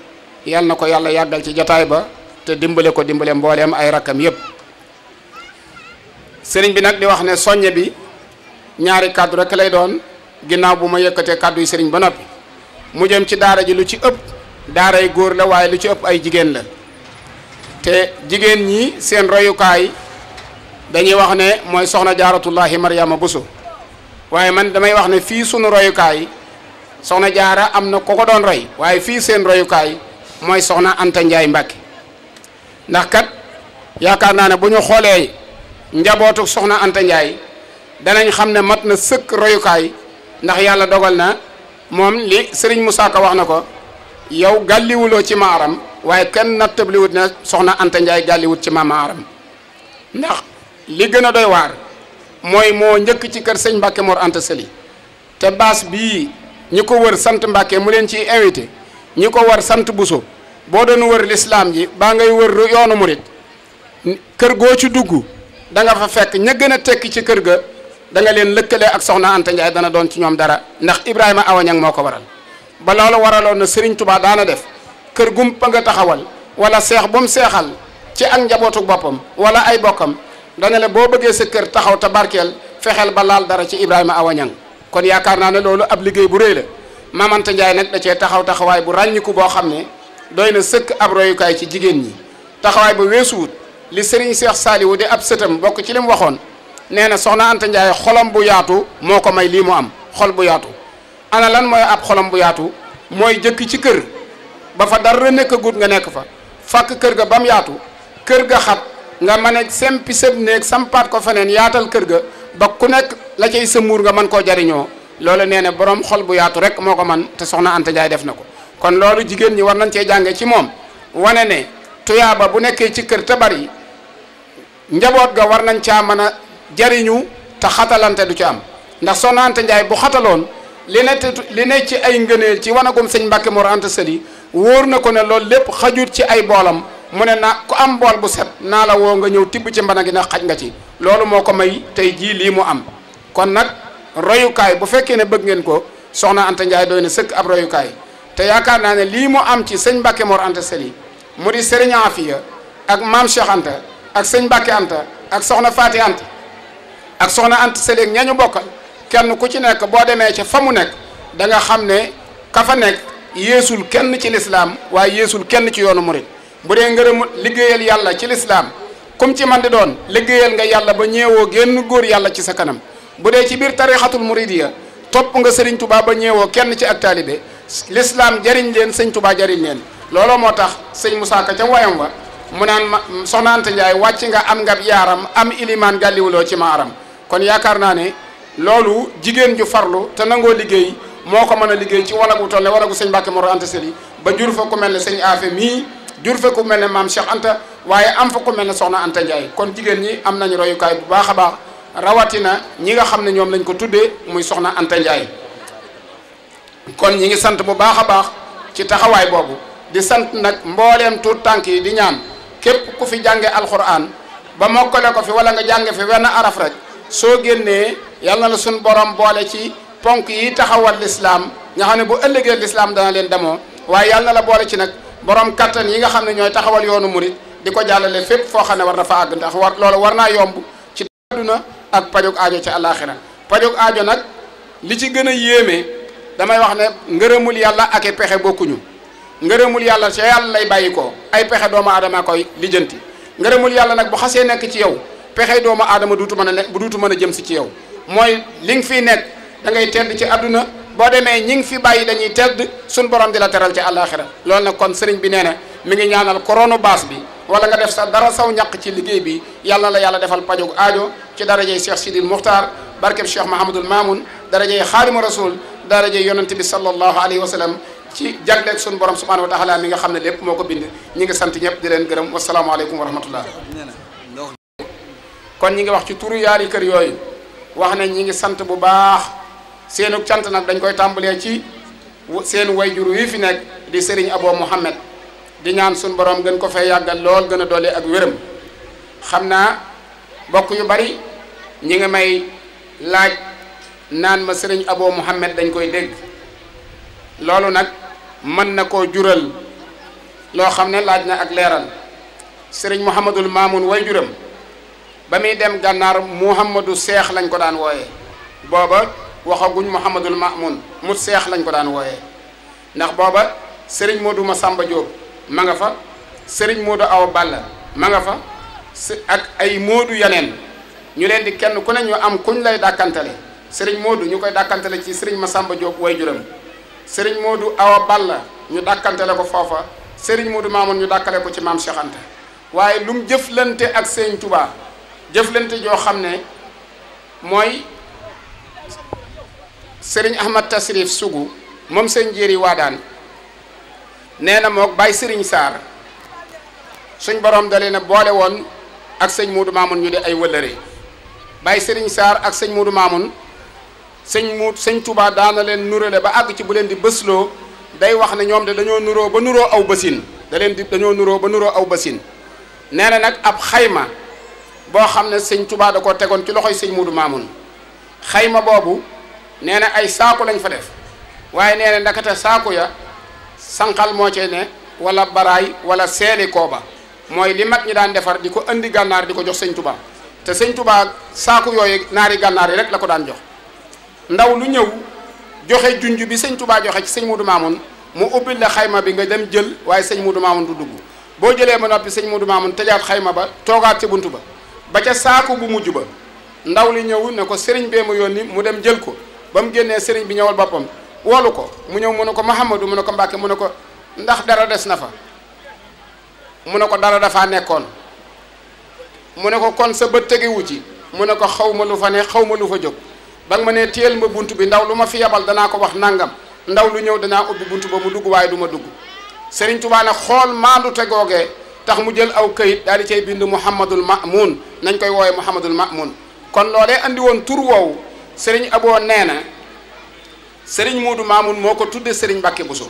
yàlla na ko yàlla yàggal ci jataay ba te dimbale ko dimbale mbooleem ay rakkam yépp sëriñ bi nag di wax ne soññe bi ñaari kàddu rekk lay doon ginnaaw bu ma yëkkatee kàddu yi sëriñ ba noppi mu jëm ci daara ji lu ci ëpp daaray góor la waaye lu ci ëpp ay jigéen la te jigéen ñi seen royukaay dañuy wax ne mooy soxna jaaratullahi Mariama Buso waaye man damay wax ne fii sunu royukaay soxna jaara am na ko ko doon roy waaye fii seen royukaay mooy soxna Anta Njaay Mbàkke ndax kat yaakaar naa ne bu ñu xoolee njabootu soxna Anta Ndiaye danañ xam ne mat na sëkk royukaay ndax yàlla dogal na moom li Serigne Moussa Ka wax na ko yow gàlliwuloo ci maaram waaye kenn nattabliwut na soxna Anta Ndiaye gàlliwut ci ma maaram ndax li gën a doy waar mooy moo njëkk ci kër sëñ Mbacke Mor Anta Sali te baas bii ñi ko wër sant Mbacke mu leen ciy invité ñi ko war sant Bousso boo doon wër lislaam ji baa ngay wër yoonu murit kër goo ci dugg danga nga fa fekk ña gën a tekki ci kër ga da leen lëkkale ak soxna Anta Ndiaye dana doon ci ñoom dara ndax Ibrahima Awañang moo ko waral ba loolu waraloon na Serigne Touba daana def kër gum pa nga taxawal wala seex bu mu seexal ci ak njabootu boppam wala ay bokkam dana le boo bëggee sa kër taxaw te barkeel fexeel ba laal dara ci Ibrahima Awañang kon yaakaar naa ne loolu ab liggéey bu rëy la maam Ndiaye nag da cee taxaw taxawaay bu ràññiku boo xam ne. doy na sëkk ab royukaay ci jigéen ñi taxawaay ba weesuwut li sëriñ Cheikh Saliou di ab sëtam bokk ci li waxoon nee na soxna Anta Ndiaye xolam bu yaatu moo ko may lii mu am xol bu yaatu ana lan mooy ab xolam bu yaatu mooy jëkk ci kër ba fa dara nekk guut nga nekk fa fàkk kër ga ba mu yaatu kër ga xat nga mën a sempi sëb néeg sampaat ko feneen yaatal kër ga ba ku nekk la cay sa muur nga mën koo jariñoo loolu nee na borom xol bu yaatu rek moo ko man te soxna Anta Ndiaye def na ko kon loolu jigéen ñi war nañ cee jànge ci moom wane ne tuyaaba bu nekkee ci kër te bari njaboot ga war nañ caa mën a jariñu te xatalante du ci am ndax Soxna Anta Njaay bu xataloon li ne ci ay ngëneel ci wanagum sëñ Mbàkke Mor Anta Sali wóor na ko ne loolu lépp xajut ci ay boolam mu ne na ku am bool bu set naa la woo nga ñëw tibb ci mbana gi na xaj nga ci loolu moo ko may tey jii lii mu am kon nag royukaay bu fekkee ne bëgg ngeen ko Soxna Anta Njaay doy na sëkk ab royukaay te yaakaar naa ne lii mu am ci sëñ Mbacke Mor Anta Sali mu di Serigne Afia ak maam Cheikh ak sëñ Mbacke Anta ak soxna Faati Anta ak soxna Anta Sali ak ñañu bokkal kenn ku ci nekk boo demee ci fa mu nekk da xam ne ka yéesul kenn ci lislaam waaye yéesul kenn ci yoonu murit bu dee ngërëmu liggéeyal yàlla ci lislaam kum ci man di doon liggéeyal nga yàlla ba ñeewoo génn góor yàlla ci sa kanam bu dee ci biir tarixatul muridiya topp nga Serigne Touba ba ñeewoo kenn ci ak taalibe lislaam jariñ leen sëñ tubaa jariñ leen looloo moo tax sëñ Moussa Ka ca woyam wa mu naan ma soxna Anta Njaay wàcc nga am ngab yaaram am ilimaan gàlliwuloo ci maaram kon yaakaar naa ne loolu jigéen ju farlu te nangoo liggéey moo ko mën a liggéey ci wanagu toll ne wanagu sëñ Mbàkke Mor Anta Sali ba jur fa ku mel ne sëñ Afe mii jur fa ku mel ne maam Cheikh Anta waaye am fa ku mel ne soxna Anta Njaay kon jigéen ñi am nañu royukaay bu baax a baax rawatina ñi nga xam ne ñoom lañ ko tuddee muy soxna Anta Njaay kon ñi ngi sant bu baax a baax ci taxawaay boobu di sant nag mbooleem tuut tànk yi di ñaan képp ku fi jànge alxuraan ba mokkale ko fi wala nga jànge fi wenn araf rek soo génnee yal na la suñ borom boole ci ponk yi taxawal lislaam nga xam ne bu ëllëgee lislaam dana leen demoo waaye yal na la boole ci nag borom kattan yi nga xam ne ñooy taxawal yoonu murit di ko jàllale fépp foo xam ne war na fa àgg ndax war loolu war naa yomb ci àdduna ak pajog aajo ci àllaaxira pajog aajo nag li ci gën a yéeme damay wax ne ngërëmul yàlla ak pexe bokkuñu ngërëmul yàlla ca yàlla lay bàyyi ko ay pexe doomu aadama koy lijjanti ngërëmul yàlla nag bu xasee nekk ci yow pexe doomu aadama duutu mën a ne bu duutu mën a jëm si ci yow mooy li nga fiy nekk dangay ngay ci adduna boo demee ñi ngi fi bàyyi dañuy tedd suñ borom di la teral ci àllaaxira loolu nag kon sëriñ bi nee na mi ngi ñaanal koronu baas bi wala nga def sax dara saw ñàq ci liggéey bi yàlla la yàlla defal pajog aajo ci darajey Cheikh Sidil Muxtaar barkeb Cheikh Mahamadul Mamoun darajey Xaadimu Rasul daraje yonente bi sallallahu alayhi wa sallam ci jagleeg suñu borom subhanahu wa taala mi nga xam ne lépp moo ko bind ñi ngi sant ñëpp di leen gërëm wasalaamaaleykum wa rahmatullah kon ñi ngi wax ci turu yaari kër yooyu wax ne ñi ngi sant bu baax seenu cant nag dañ koy tàmbalee ci seen jur wi fi nekk di sëriñ Abo Mohamed di ñaan suñu boroom gën ko fay yàggal lool gën a doole ak wéram xam naa bokk yu bari ñi ngi may laaj naan ma sëriñ Abo Mouhamed dañ koy dégg loolu nag mën na koo jural loo xam ne laaj na ak leeral sëriñ Mouhamadul Maamun way juram ba muy dem gànnaar Mouhamadu Seex lañ ko daan wooye booba waxaguñ Mouhamadul Maamun mu Seex lañ ko daan wooye ndax booba sëriñ ma Massamba Diop ma nga fa sëriñ Modou aw Balla ma nga fa ak ay Modou yeneen ñu leen di kenn ku ne ñu am kuñ lay dàkkantale sëriñ Modou ñu koy dàkkantele ci sëriñ Masamba Diop waajuram sëriñ Modou Awa Balla ñu dàkkantele ko foofa sëriñ Modou Mamoun ñu dàkkale ko ci maam Cheikh waaye lu jëflante ak sëriñ Touba jëflante joo xam ne mooy sëriñ Ahmad Tasrif Sougou moom sëriñ Jéeri Waadaan nee na moog bàyyi sëriñ Sarr suñ borom dalee na boole woon ak sëñ Modou Mamoun ñu di ay wëllëre bàyyi sëriñ Sarr ak sëñ Modou Mamoun. sëñ mu sëñ tubaa daana leen nurale ba àgg ci bu leen di bësloo day wax ne ñoom de dañoo nuroo ba nuroo aw basin da leen di dañoo nuroo ba nuroo aw basin nee na nag ab xayma boo xam ne sëñ tubaa da ko tegoon ci loxoy sëñ Muudu Maamun xayma boobu nee na ay saako lañ fa def waaye nee na ndakate saako ya sanqal moo ci ne wala baraay wala seeni kooba mooy li mag ñi daan defar di ko indi gànnaar di ko jox sëñ Touba te sëñ saako yooyu naari gànnaar yi rek la ko daan jox ndaw lu ñëw joxe junj bi sëñ tubaa joxe ci sëñ Modou Mamoun mu ubbil la xayma bi nga dem jël waaye sëñ Modou Mamoun du dugg boo jëlee ba noppi sëñ Modou Mamoun tëjaat xayma ba toogaat ca bunt ba ba ca saaku bu mujj ba ndaw li ñëw ne ko sëriñ bee mu yónni mu dem jël ko ba mu génnee sëriñ bi ñëwal boppam woolu ko mu ñëw mu ne ko Mouhamadou mu ne ko Mbacke mu ne ko ndax dara des na fa mu ne ko dara dafa nekkoon mu ne ko kon sa bët tegewu ci mu ne ko xaw ma lu fa xaw ma lu fa jóg. ba ma ne téyel ma bunt bi ndaw lu ma fi yabal danaa ko wax nangam ndaw lu ñëw danaa ubbi bunt ba mu dugg waaye du ma dugg Serigne Touba nag xool maandu te googee tax mu jël aw kayit daal di cay bind Mouhamadul Mamoun nañ koy woowee Mouhamadul Mamoun kon loolee indi woon tur woowu sëriñ Aboo nee na Serigne Moodu Mamoun moo ko tudde Serigne Mbacke Bousso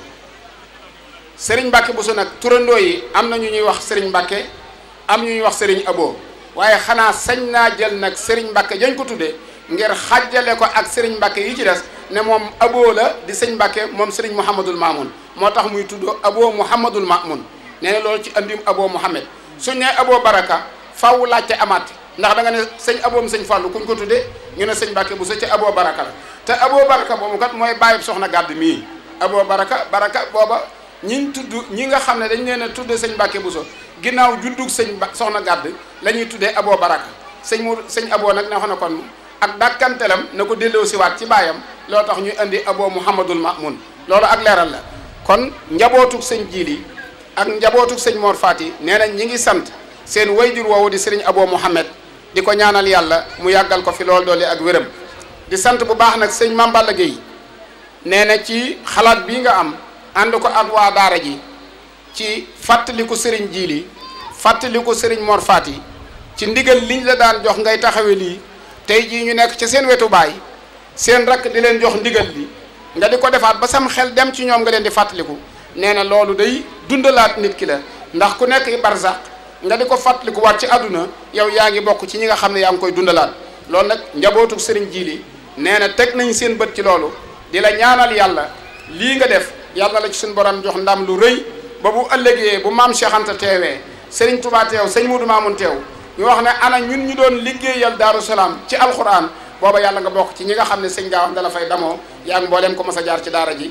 Serigne Mbacke Bousso nag turandoo yi am na ñu ñuy wax Serigne Mbacke am ñu ñuy wax sëriñ Aboo waaye xanaa sañ naa jël nag Serigne Mbacke jañ ko tudde ngir xàjjale ko ak sëriñ Mbacke yi ci des ne moom aboo la di sëñ Mbacke moom sëriñ Mouhamadul Mamoun moo tax muy tudd aboo Mouhamadul Mamoun nee na loolu ci andim aboo Mouhamed suñ ne aboo Baraka faaw laajte amaat ndax da nga ne sëñ aboom sëñ Fallou kuñ ko tuddee ñu ne sëñ Mbacke bu sa ci aboo Baraka la te aboo Baraka boobu kat mooy bàyyi soxna gàdd mii aboo Baraka Baraka booba ñi tudd ñi nga xam ne dañ leen a tudd sëñ Mbacke bu soo ginnaaw juddug sëñ soxna gàdd la ñuy tuddee aboo Baraka sëñ mu sëñ aboo nag neexoon na kon ak dàkkantelam na ko delloo waat ci baayam loo tax ñu indi abo muhammadul mamun loolu ak leeral la kon njabootug sëñ jiili ak njabootug sëñ Mor Fati nee nañ ñi ngi sant seen wayjur woowu di sëriñ abo muhammad di ko ñaanal yàlla mu yàggal ko fi lool doole ak wéram di sant bu baax nag sëñ Mamballa Gueye nee na ci xalaat bii nga am ànd ko am waa daara ji ci fàttaliku sëriñ jiili fàttaliku sëriñ Mor Fati ci ndigal li la daan jox ngay taxawe lii tey jii ñu nekk ci seen wetu baay seen rakk di leen jox ndigal bi nga di ko defaat ba sam xel dem ci ñoom nga leen di fàttaliku nee na loolu day dundalaat nit ki la ndax ku nekk barzaq nga di ko fàttalikuwaat ci àdduna yow yaa ngi bokk ci ñi nga xam ne yaa ngi koy dundalaat loolu nag njabootu sëriñ Jili nee na teg nañ seen bët ci loolu di la ñaanal yàlla lii nga def yàlla la ci suñu borom jox ndam lu rëy ba bu ëllëgee bu maam Cheikh teewee sëriñ Touba teew sëñ Moudou Mamoun teew. ñu wax ne ana ñun ñu doon liggéeyal daaru salaam ci alxuraan booba yàlla nga bokk ci ñi nga xam ne sëñ gaawam dala fay damoo yaa ngi mbooleem ko mas a jaar ci daara ji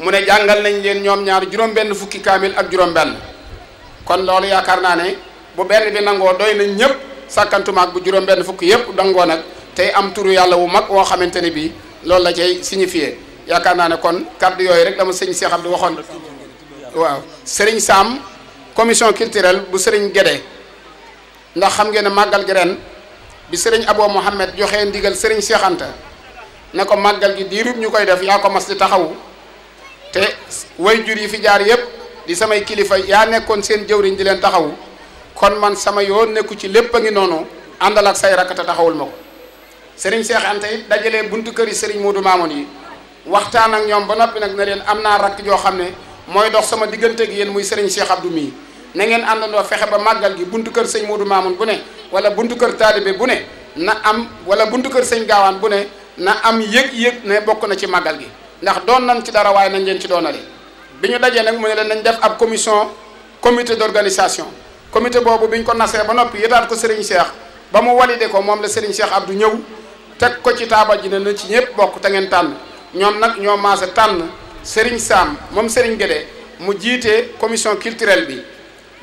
mu ne jàngal nañ leen ñoom ñaari juróom-benn fukki kaamil ak juróom-benn kon loolu yaakaar naa ne bu benn bi nangoo doy nañ ñëpp sàkkantumaak bu juróom-benn fukki yëpp dangoo nag tey am turu yàlla wu mag woo xamante ne bii loolu la cay signifié yaakaar naa ne kon kàddu yooyu rek dama sëñ Cheikh Abdou waxoon waaw sëriñ commission culturelle bu sëriñ Gédé ndax xam ngeen ne màggal gi ren bi sëriñ Abo Mohamed joxe ndigal sëriñ Cheikh ne ko màggal gi diirub ñu koy def yaa ko mas di taxawu te way jur yi fi jaar yépp di samay kilifa yaa nekkoon seen jëwriñ di leen taxawu kon man sama yoon nekku ci lépp a ngi noonu àndal ak say rakk taxawul ma ko sëriñ Cheikh Anta it dajalee buntu kër yi sëriñ Modou Mamoun yi waxtaan ak ñoom ba noppi nag ne leen am naa rakk joo xam ne mooy dox sama diggante yéen muy sëriñ Cheikh Abdou mii na ngeen àndandoo fexe ba màggal gi buntu kër sëñ Modou Mamoun bu ne wala buntu kër taalibe bu ne na am wala buntu kër sëñ gaawaan bu ne na am yëg-yëg ne bokk na ci màggal gi ndax doon nañ ci dara waaye nañ leen ci doonale bi ñu dajee nag mu ne leen nañ def ab commission comité d'organisation comité boobu bi ñu ko nasee ba noppi yëtaat ko Serigne Cheikh ba mu walide ko moom la Serigne ab du ñëw teg ko ci taabal ji ne na ci ñëpp bokk te ngeen tànn ñoom nag ñoo maase tànn Serigne Sam moom Serigne Guédé mu jiite commission culturelle bi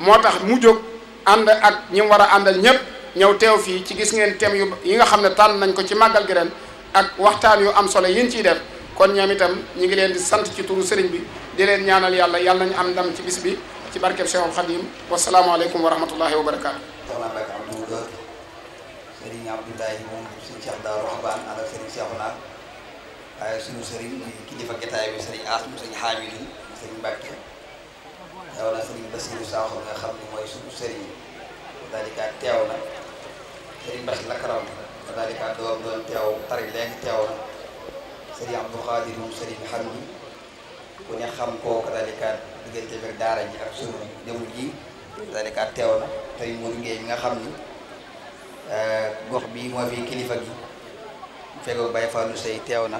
moo tax mu jóg ànd ak ñi mu war a àndal ñépp ñëw teew fii ci gis ngeen thème yu yi nga xam ne tànn nañ ko ci màggal gi ren ak waxtaan yu am solo yin ciy def kon ñoom itam ñi ngi leen di sant ci turu sëriñ bi di leen ñaanal yàlla yàlla nañu am ndam ci bis bi ci barkeb Cheikhul Khadim wasalaamaaleykum wa rahmatullahi wa barakaatu soxna Mbacke Abdou Ga sëriñ Abdoulaye moom suñu teew na Serigne Bassirou Sakho nga xam ne mooy suñu Serigne daal di kaa teew na Serigne Bass Lakaram daal di doom doon teew tari léegi teew na Serigne Abdou Khadir moom Serigne Hamdi ku ne xam koo daal diggante bi daara ji ak suñu demul ji daal teew na tey Modou Gueye mi nga xam ni eh, gox bi moo fi kilifa gi bu fekkee Baye Fallou Seye teew na.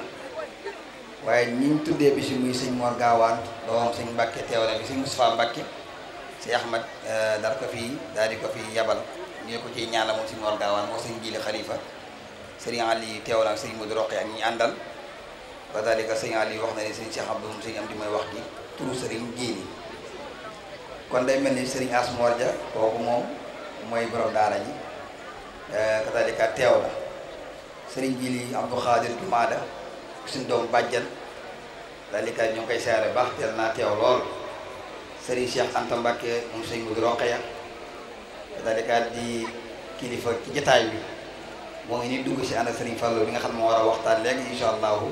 waaye ñiñ tuddee bi si muy sëñ Mor Gaawaan doomam sëñ Mbàkke teewale bi sëñ Moustapha Mbàkke si Ahmad eh, dar ko fii daal di ko fi yabal ñu ko ciy ñaanal moom sëñ Mor Gaawaan moo sëñ Jili Xalifa sëriñ Ali teewalaam sëñ ñi àndal ba dalika wax na ne sëñ Cheikh Abdou di mooy wax gi turu sëriñ Jili kon day mel ni sëriñ Asmor Dia kooku moom mooy eh, teew la sëriñ Jili Abdou Xaadir Jumaada suñu doom bàjjan dalika ñoo koy siyaare baax teel naa teew lool Serigne Cheikh Anta Mbacke moom sëñ Mudu Roqaya dalika di kilifa ci jataay bi moo ngi nii dugg si ànd ak Serigne Fallou bi nga xam ne war a waxtaan léegi incha allahu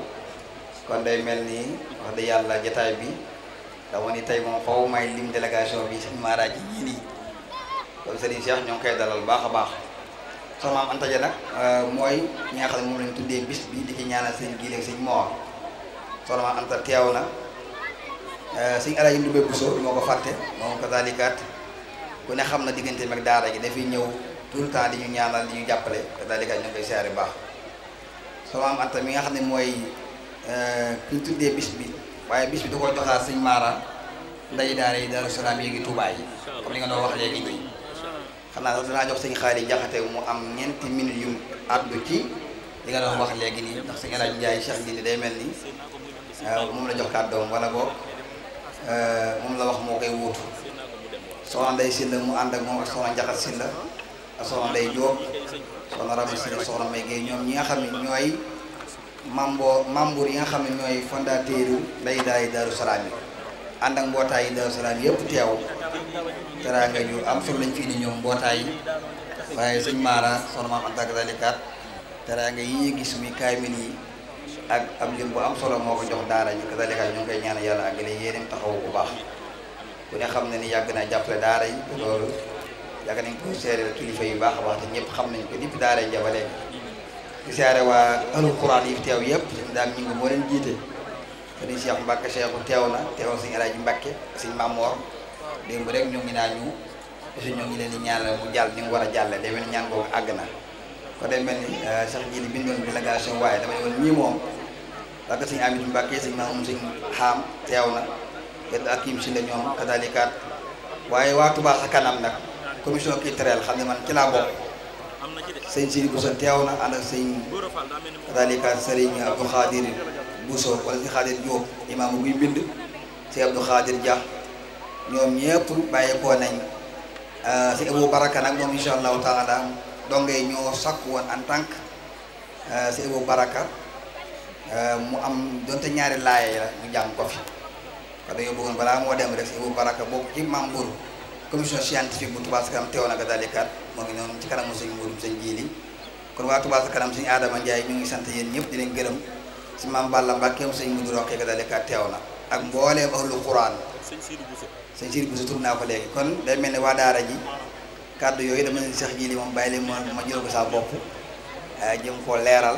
kon day mel nii wax dëgg yàlla jataay bi dama ni tey moom faw may lim délégation bi sëñ Mara ji ñii nii kon Serigne Cheikh ñoo ngi koy dalal baax a baax. soxna maam Anta Dia nag euh, mooy ñi nga xam ne moom lañ tuddee bis bi di ci ñaanal sëñ Gileeg sëñ Moor soxna maam Anta teew na euh, sëñ Alaaji Ndumbe Buso moo ko fàtte moom kazalikaat ku ne xam na diggante mag daara ji dafay ñëw tout le temps di ñu jàppale kazalikaat ñu koy baax soxna maam Anta mi nga xam ne mooy euh, ki ñu tuddee bis bi waaye bis bi da ko joxaat sëñ Maara nday daara yi Daaru Salaam yi ngi Tuubaa yi comme li nga doon wax léegi xanaa naa sax dinaa jox sëñ xaali jaxate mu am ñeenti minutes yu addu ci li nga doon wax léegi nii ndax sëñ El Hadj Ndiaye Cheikh Ndindi day mel ni euh, moom la jox kàddoom wala boog euh, moom la wax moo koy wóotu soxna Ndeye Sylla mu ànd ak moom ak soxna Ndiakhate Sylla ak soxna Ndeye Diop soxna Rama Sylla May Guèye ñoom ñi nga xam ne ñooy membre membre yi nga xam ne ñooy fondateur u nday daay Daaru Salaam yi ànd ak mbootaay yi Daaru Salaam yëpp teew teraanga yu am solo lañ fi indi ñoom mbootaay yi waaye sëñ Mara soxna maam Anta Galikaat teraanga yi ñu gis muy kaamil yi ak am lim bu am solo moo ko jox daara ji Galikaat ñu ngi koy ñaan yàlla àggale yéenam bu baax ku xam na ni yàgg naa jàppale daara yi loolu yàgg yu baax a baax te ñëpp xam nañ ko depuis daara yi jabale di siyaare teew yëpp suñu daam ñu ngi moo leen jiite sëriñ Cheikh teew na teew na sëñ El Hadj Mbacke démb rek ñu ngi naa ñu ñoo ngi leen di ñaanal mu jàll ni mu war a jàlle day mel ñaan boobu àgg na kon day mel ni euh, Cheikh Jili bindoon délégation waaye dama yoon ñii moom parce que sëñ na et ak yim si la ñoom kadalikaat waaye waa Touba sa kanam nag commission culturelle xam ne man ci laa bokk sëñ teew na ànd ak sëñ kadalikaat Serigne Abdou Khadir Bousso wala sëñ Khadir Diop imaamu buy bind sëñ Abdou Khadir Dia ñoom ñëpp bàyyeekoo nañ euh, si Abu Baraka nag moom incha allahu taala dongee ñoo sakku woon en tant que euh, si Abu Baraka euh, mu am donte ñaari laaye la ñu jàng ko fi kon dañoo bëggoon balaa moo dem rek Baraka bokk ci membre commission scientifique bu Touba Ça Kanam teewoon na ko moo ngi noonu ci kanamu sëñ mburum sëñ jiili kon waa Touba Ça Kanam sëñ Adama Ndiaye ñu ngi sant yéen ñëpp dinañ leen gërëm si maam Balla Mbackeem sëñ Mudu Roqee ko daal teew na ak mbooleem ahlu Quraan sëñ sëñ Sidi Bousso tur naa ko léegi kon day mel ne waa daara ji kàddu yooyu dama ne sax ji li moom bàyyi leen ma ma jël ko saa bopp eh, jëm koo leeral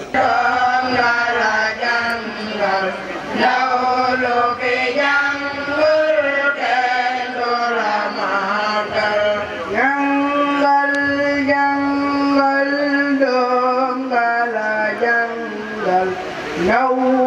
No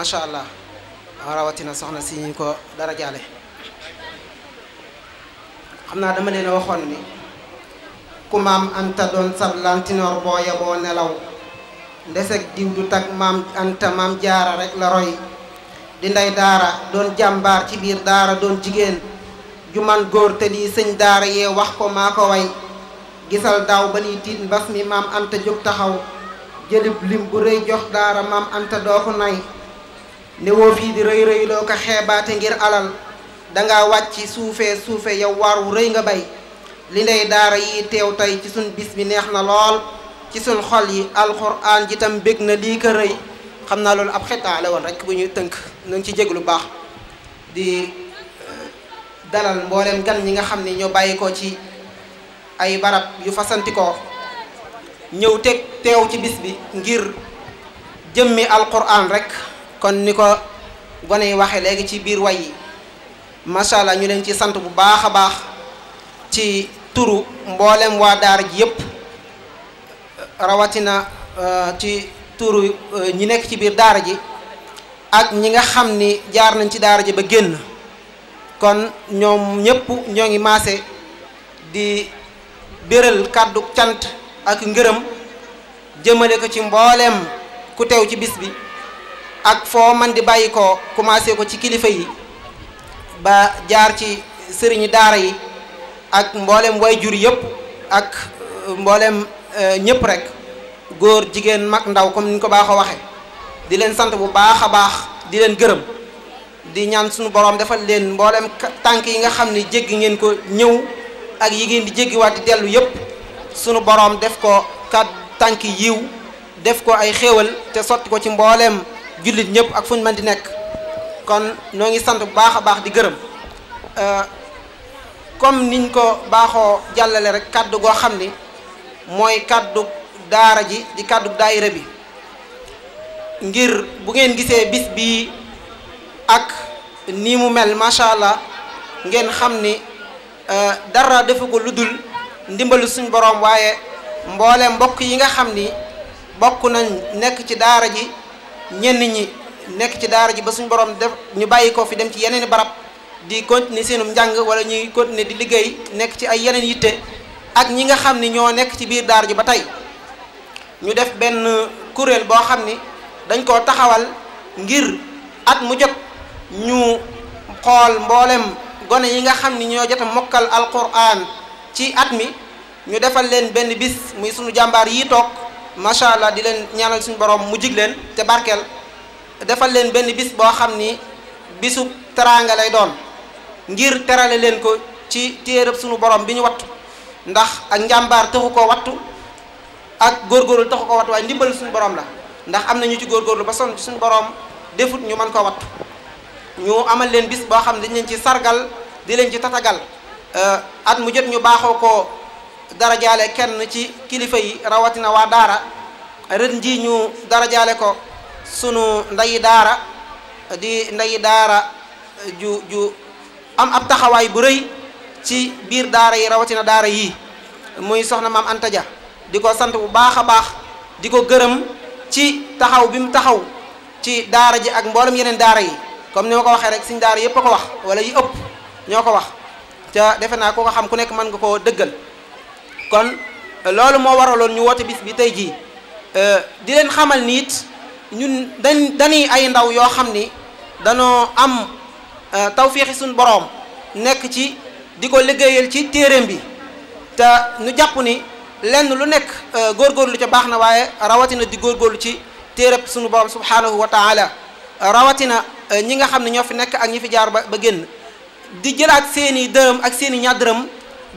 macha allah rawatina soxna si ñu ko dara jaale xam naa dama leen waxoon ni ku maam anta doon sab lantinoor boo yeboo nelaw ndeseg diw du tag maam anta maam jaara rek la roy di ndey daara doon jàmbaar ci biir daara doon jigéen ju man góor te lii sëñ daara yee wax ko maa ko way gisal daaw ba nuy tiit mbas mi maam anta jóg taxaw jëlib lim bu rëy jox daara maam anta doo ko nay newoo fii di rëy rëy ko xeebaate ngir alal danga wàcc suufee suufe yow waar wu rëy nga bay li ndey daara yi teew tey ci suñ bis bi neex na lool ci suñ xol yi alxuraan jitam bég na lii ko rëy xam naa loolu ab xetaa la woon rek bu ñuy tënk ñu ci jég lu baax di eh, dalal mbooleem gan ñi nga xam ne ñoo bàyyi ko ci ay barab yu fasantikoo ñëw teg teew ci bis bi ngir jëmmi alxuraan rek kon ni ko gone yi waxe léegi ci biir way yi macha ñu leen ci sant bu baax a baax ci turu mboolem waa daara ji yépp rawatina euh, ci turu euh, ñi nekk ci biir daara ji ak ñi nga xam ni jaar nañ ci daara ji ba génn kon ñoom ñépp ñoo ngi maase di béral kàddu cant ak ngërëm jëmale ko ci mbooleem ku teew ci bis bi ak foo man di bàyyi ko commencé ko ci kilifa yi ba jaar ci sëriñu daara yi ak mboolem way jur yëpp ak euh, mboolem euh, ñëpp rek góor jigéen mag ndaw comme ni ko baax a waxe di leen sant bu baax a baax di leen gërëm di ñaan suñu borom defal leen mboolem tànk yi nga xam ni jéggi ngeen ko ñëw ak yi ngeen di jéggiwaat di dellu yëpp sunu borom def ko kat tànk yiw def ko ay xéwal te sotti ko ci mboolem. jullit ñëpp ak fu ñu mën di nekk kon ñoo ngi sant bu baax a baax di gërëm euh, comme niñ ko baaxoo jàllale rek kàddu goo xam ni mooy kàddu daara ji di kàddu daayira bi ngir bu ngeen gisee bis bi ak nii mu mel macha allah ngeen xam ni euh, dara defu ko lu dul ndimbalu suñ boroom waaye mboole mbokk yi nga xam ni bokk nañ nekk ci daara ji ñenn ñi nekk ci daara ji ba suñu borom def ñu bàyyi ko fi dem ci yeneen barab di continuer seenum njàng wala ñuy continuer di liggéey nekk ci ay yeneen yitte ak ñi nga xam ni ñoo nekk ci biir daara ji ba tey ñu def benn kuréel boo xam ni dañ koo taxawal ngir at mu jot ñu xool mboolem gone yi nga xam ni ñoo jot a mokkal alquran ci at mi ñu defal leen benn bis muy sunu jàmbaar yi toog macha allah di leen ñaanal suñu boroom mu jig leen te barkeel defal leen benn bis boo xam ni bisu teraanga lay doon ngir terale leen ko ci téereb suñu borom bi ñu wattu ndax ak njàmbaar taxu ko wattu ak góor góorgóorlu taxu ko wattu waaye ndimbal suñu borom la ndax am na ñu ci góorgóorlu ba sonn suñu boroom defut ñu mën ko wattu ñu amal leen bis boo xam ne dañ leen ci sargal di leen ci tatagal euh, at mu jot ñu baaxoo ko jaale kenn ci kilifa yi rawatina waa daara ren ji ñu dara jaale ko sunu ndayi daara di ndayi daara ju ju am ab taxawaay bu rëy ci biir daara yi rawatina daara yii muy soxna maam antaja di ko sant bu baax a baax di ko gërëm ci taxaw bi mu taxaw ci daara ji ak mboolem yeneen daara yi comme ni ma ko waxee rek siñ daara yëpp a ko wax wala yi ëpp ñoo ko wax te defe naa ko ko xam ku nekk mën nga koo dëggal kon euh, loolu moo waraloon ñu woote bis bi tey jii euh, di leen xamal niit ñun dañ dañuy ay ndaw yoo xam ni dañoo am euh, tawféexi suñu boroom nekk ci di ko liggéeyal ci téereem bi te ñu jàpp ni lenn lu nekk góor góorgóorlu ca baax na waaye rawatina di góor góorlu ci téereb suñu boroom subhaanahu wa taala rawatina ñi nga xam ne ñoo fi nekk ak ñi fi jaar ba génn di jëlaat seeni dërëm ak seeni ñaar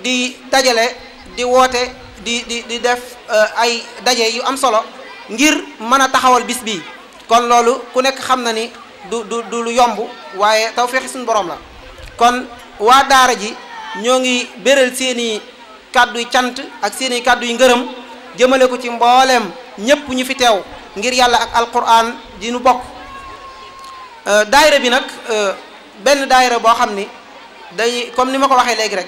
di dajale di woote di di di def eh, ay daje yu am solo ngir mën a taxawal bis bi kon loolu ku nekk xam na ni du du du lu yomb waaye tawféexi suñu borom la kon waa daara ji ñoo ngi béral seeni kàddu yu cant ak seeni kàddu yu ngërëm jëmale ko ci mbooleem ñépp ñu fi teew ngir yàlla ak alquran di nu bokk eh, daayira bi nag eh, benn daayira boo xam ni day comme ni ma ko waxee léegi rek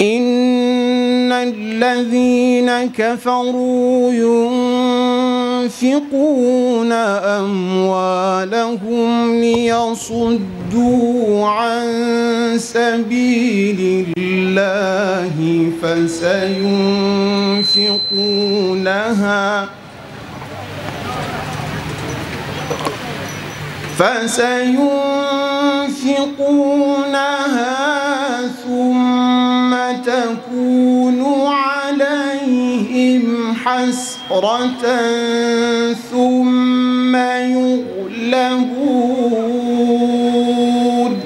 إن الذين كفروا ينفقون أموالهم ليصدوا عن سبيل الله فسينفقونها فسينفقونها ثم تكون عليهم حسرة ثم يغلبون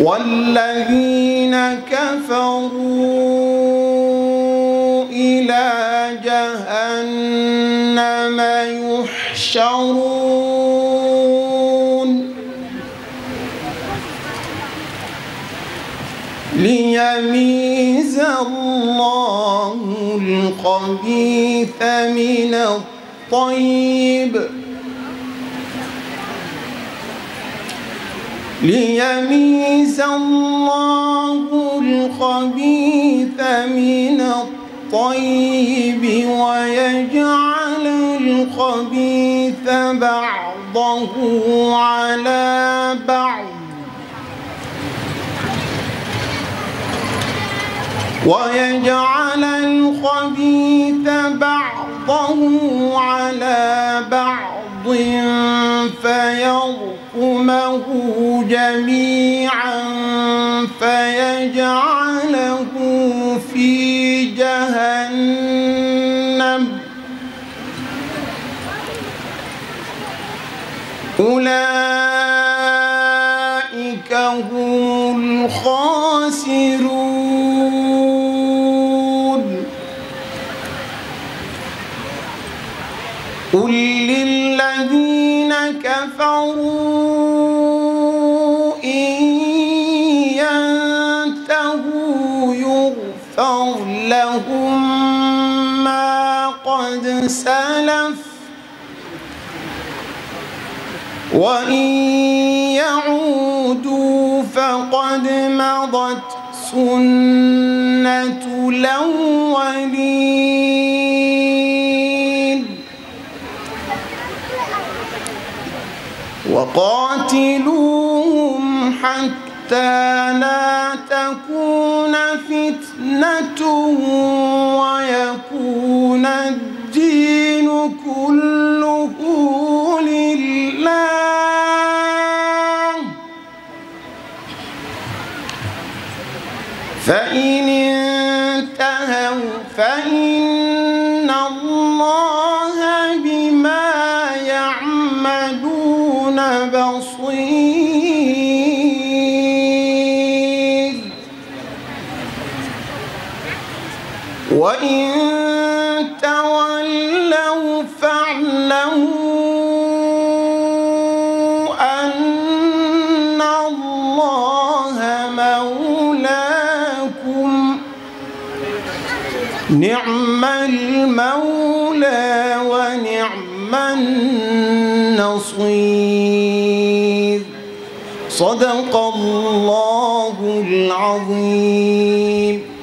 والذين كفروا إلى جهنم يحشرون ليميز الله الخبيث من الطيب ليميز الله الخبيث من الطيب الطيب ويجعل الخبيث بعضه على بعض ويجعل الخبيث بعضه على بعض فيرقمه جميعا فيجعله جهنم أولئك هم الخاسرون قل للذين كفروا قد سلف وإن يعودوا فقد مضت سنة الأولين وقاتلوهم حتى لا تكون فتنة ويكون الدين والدين كله لله فإن انتهوا فإن الله بما يعملون بصير وإن تولوا واعلموا أن الله مولاكم نعم المولى ونعم النصير صدق الله العظيم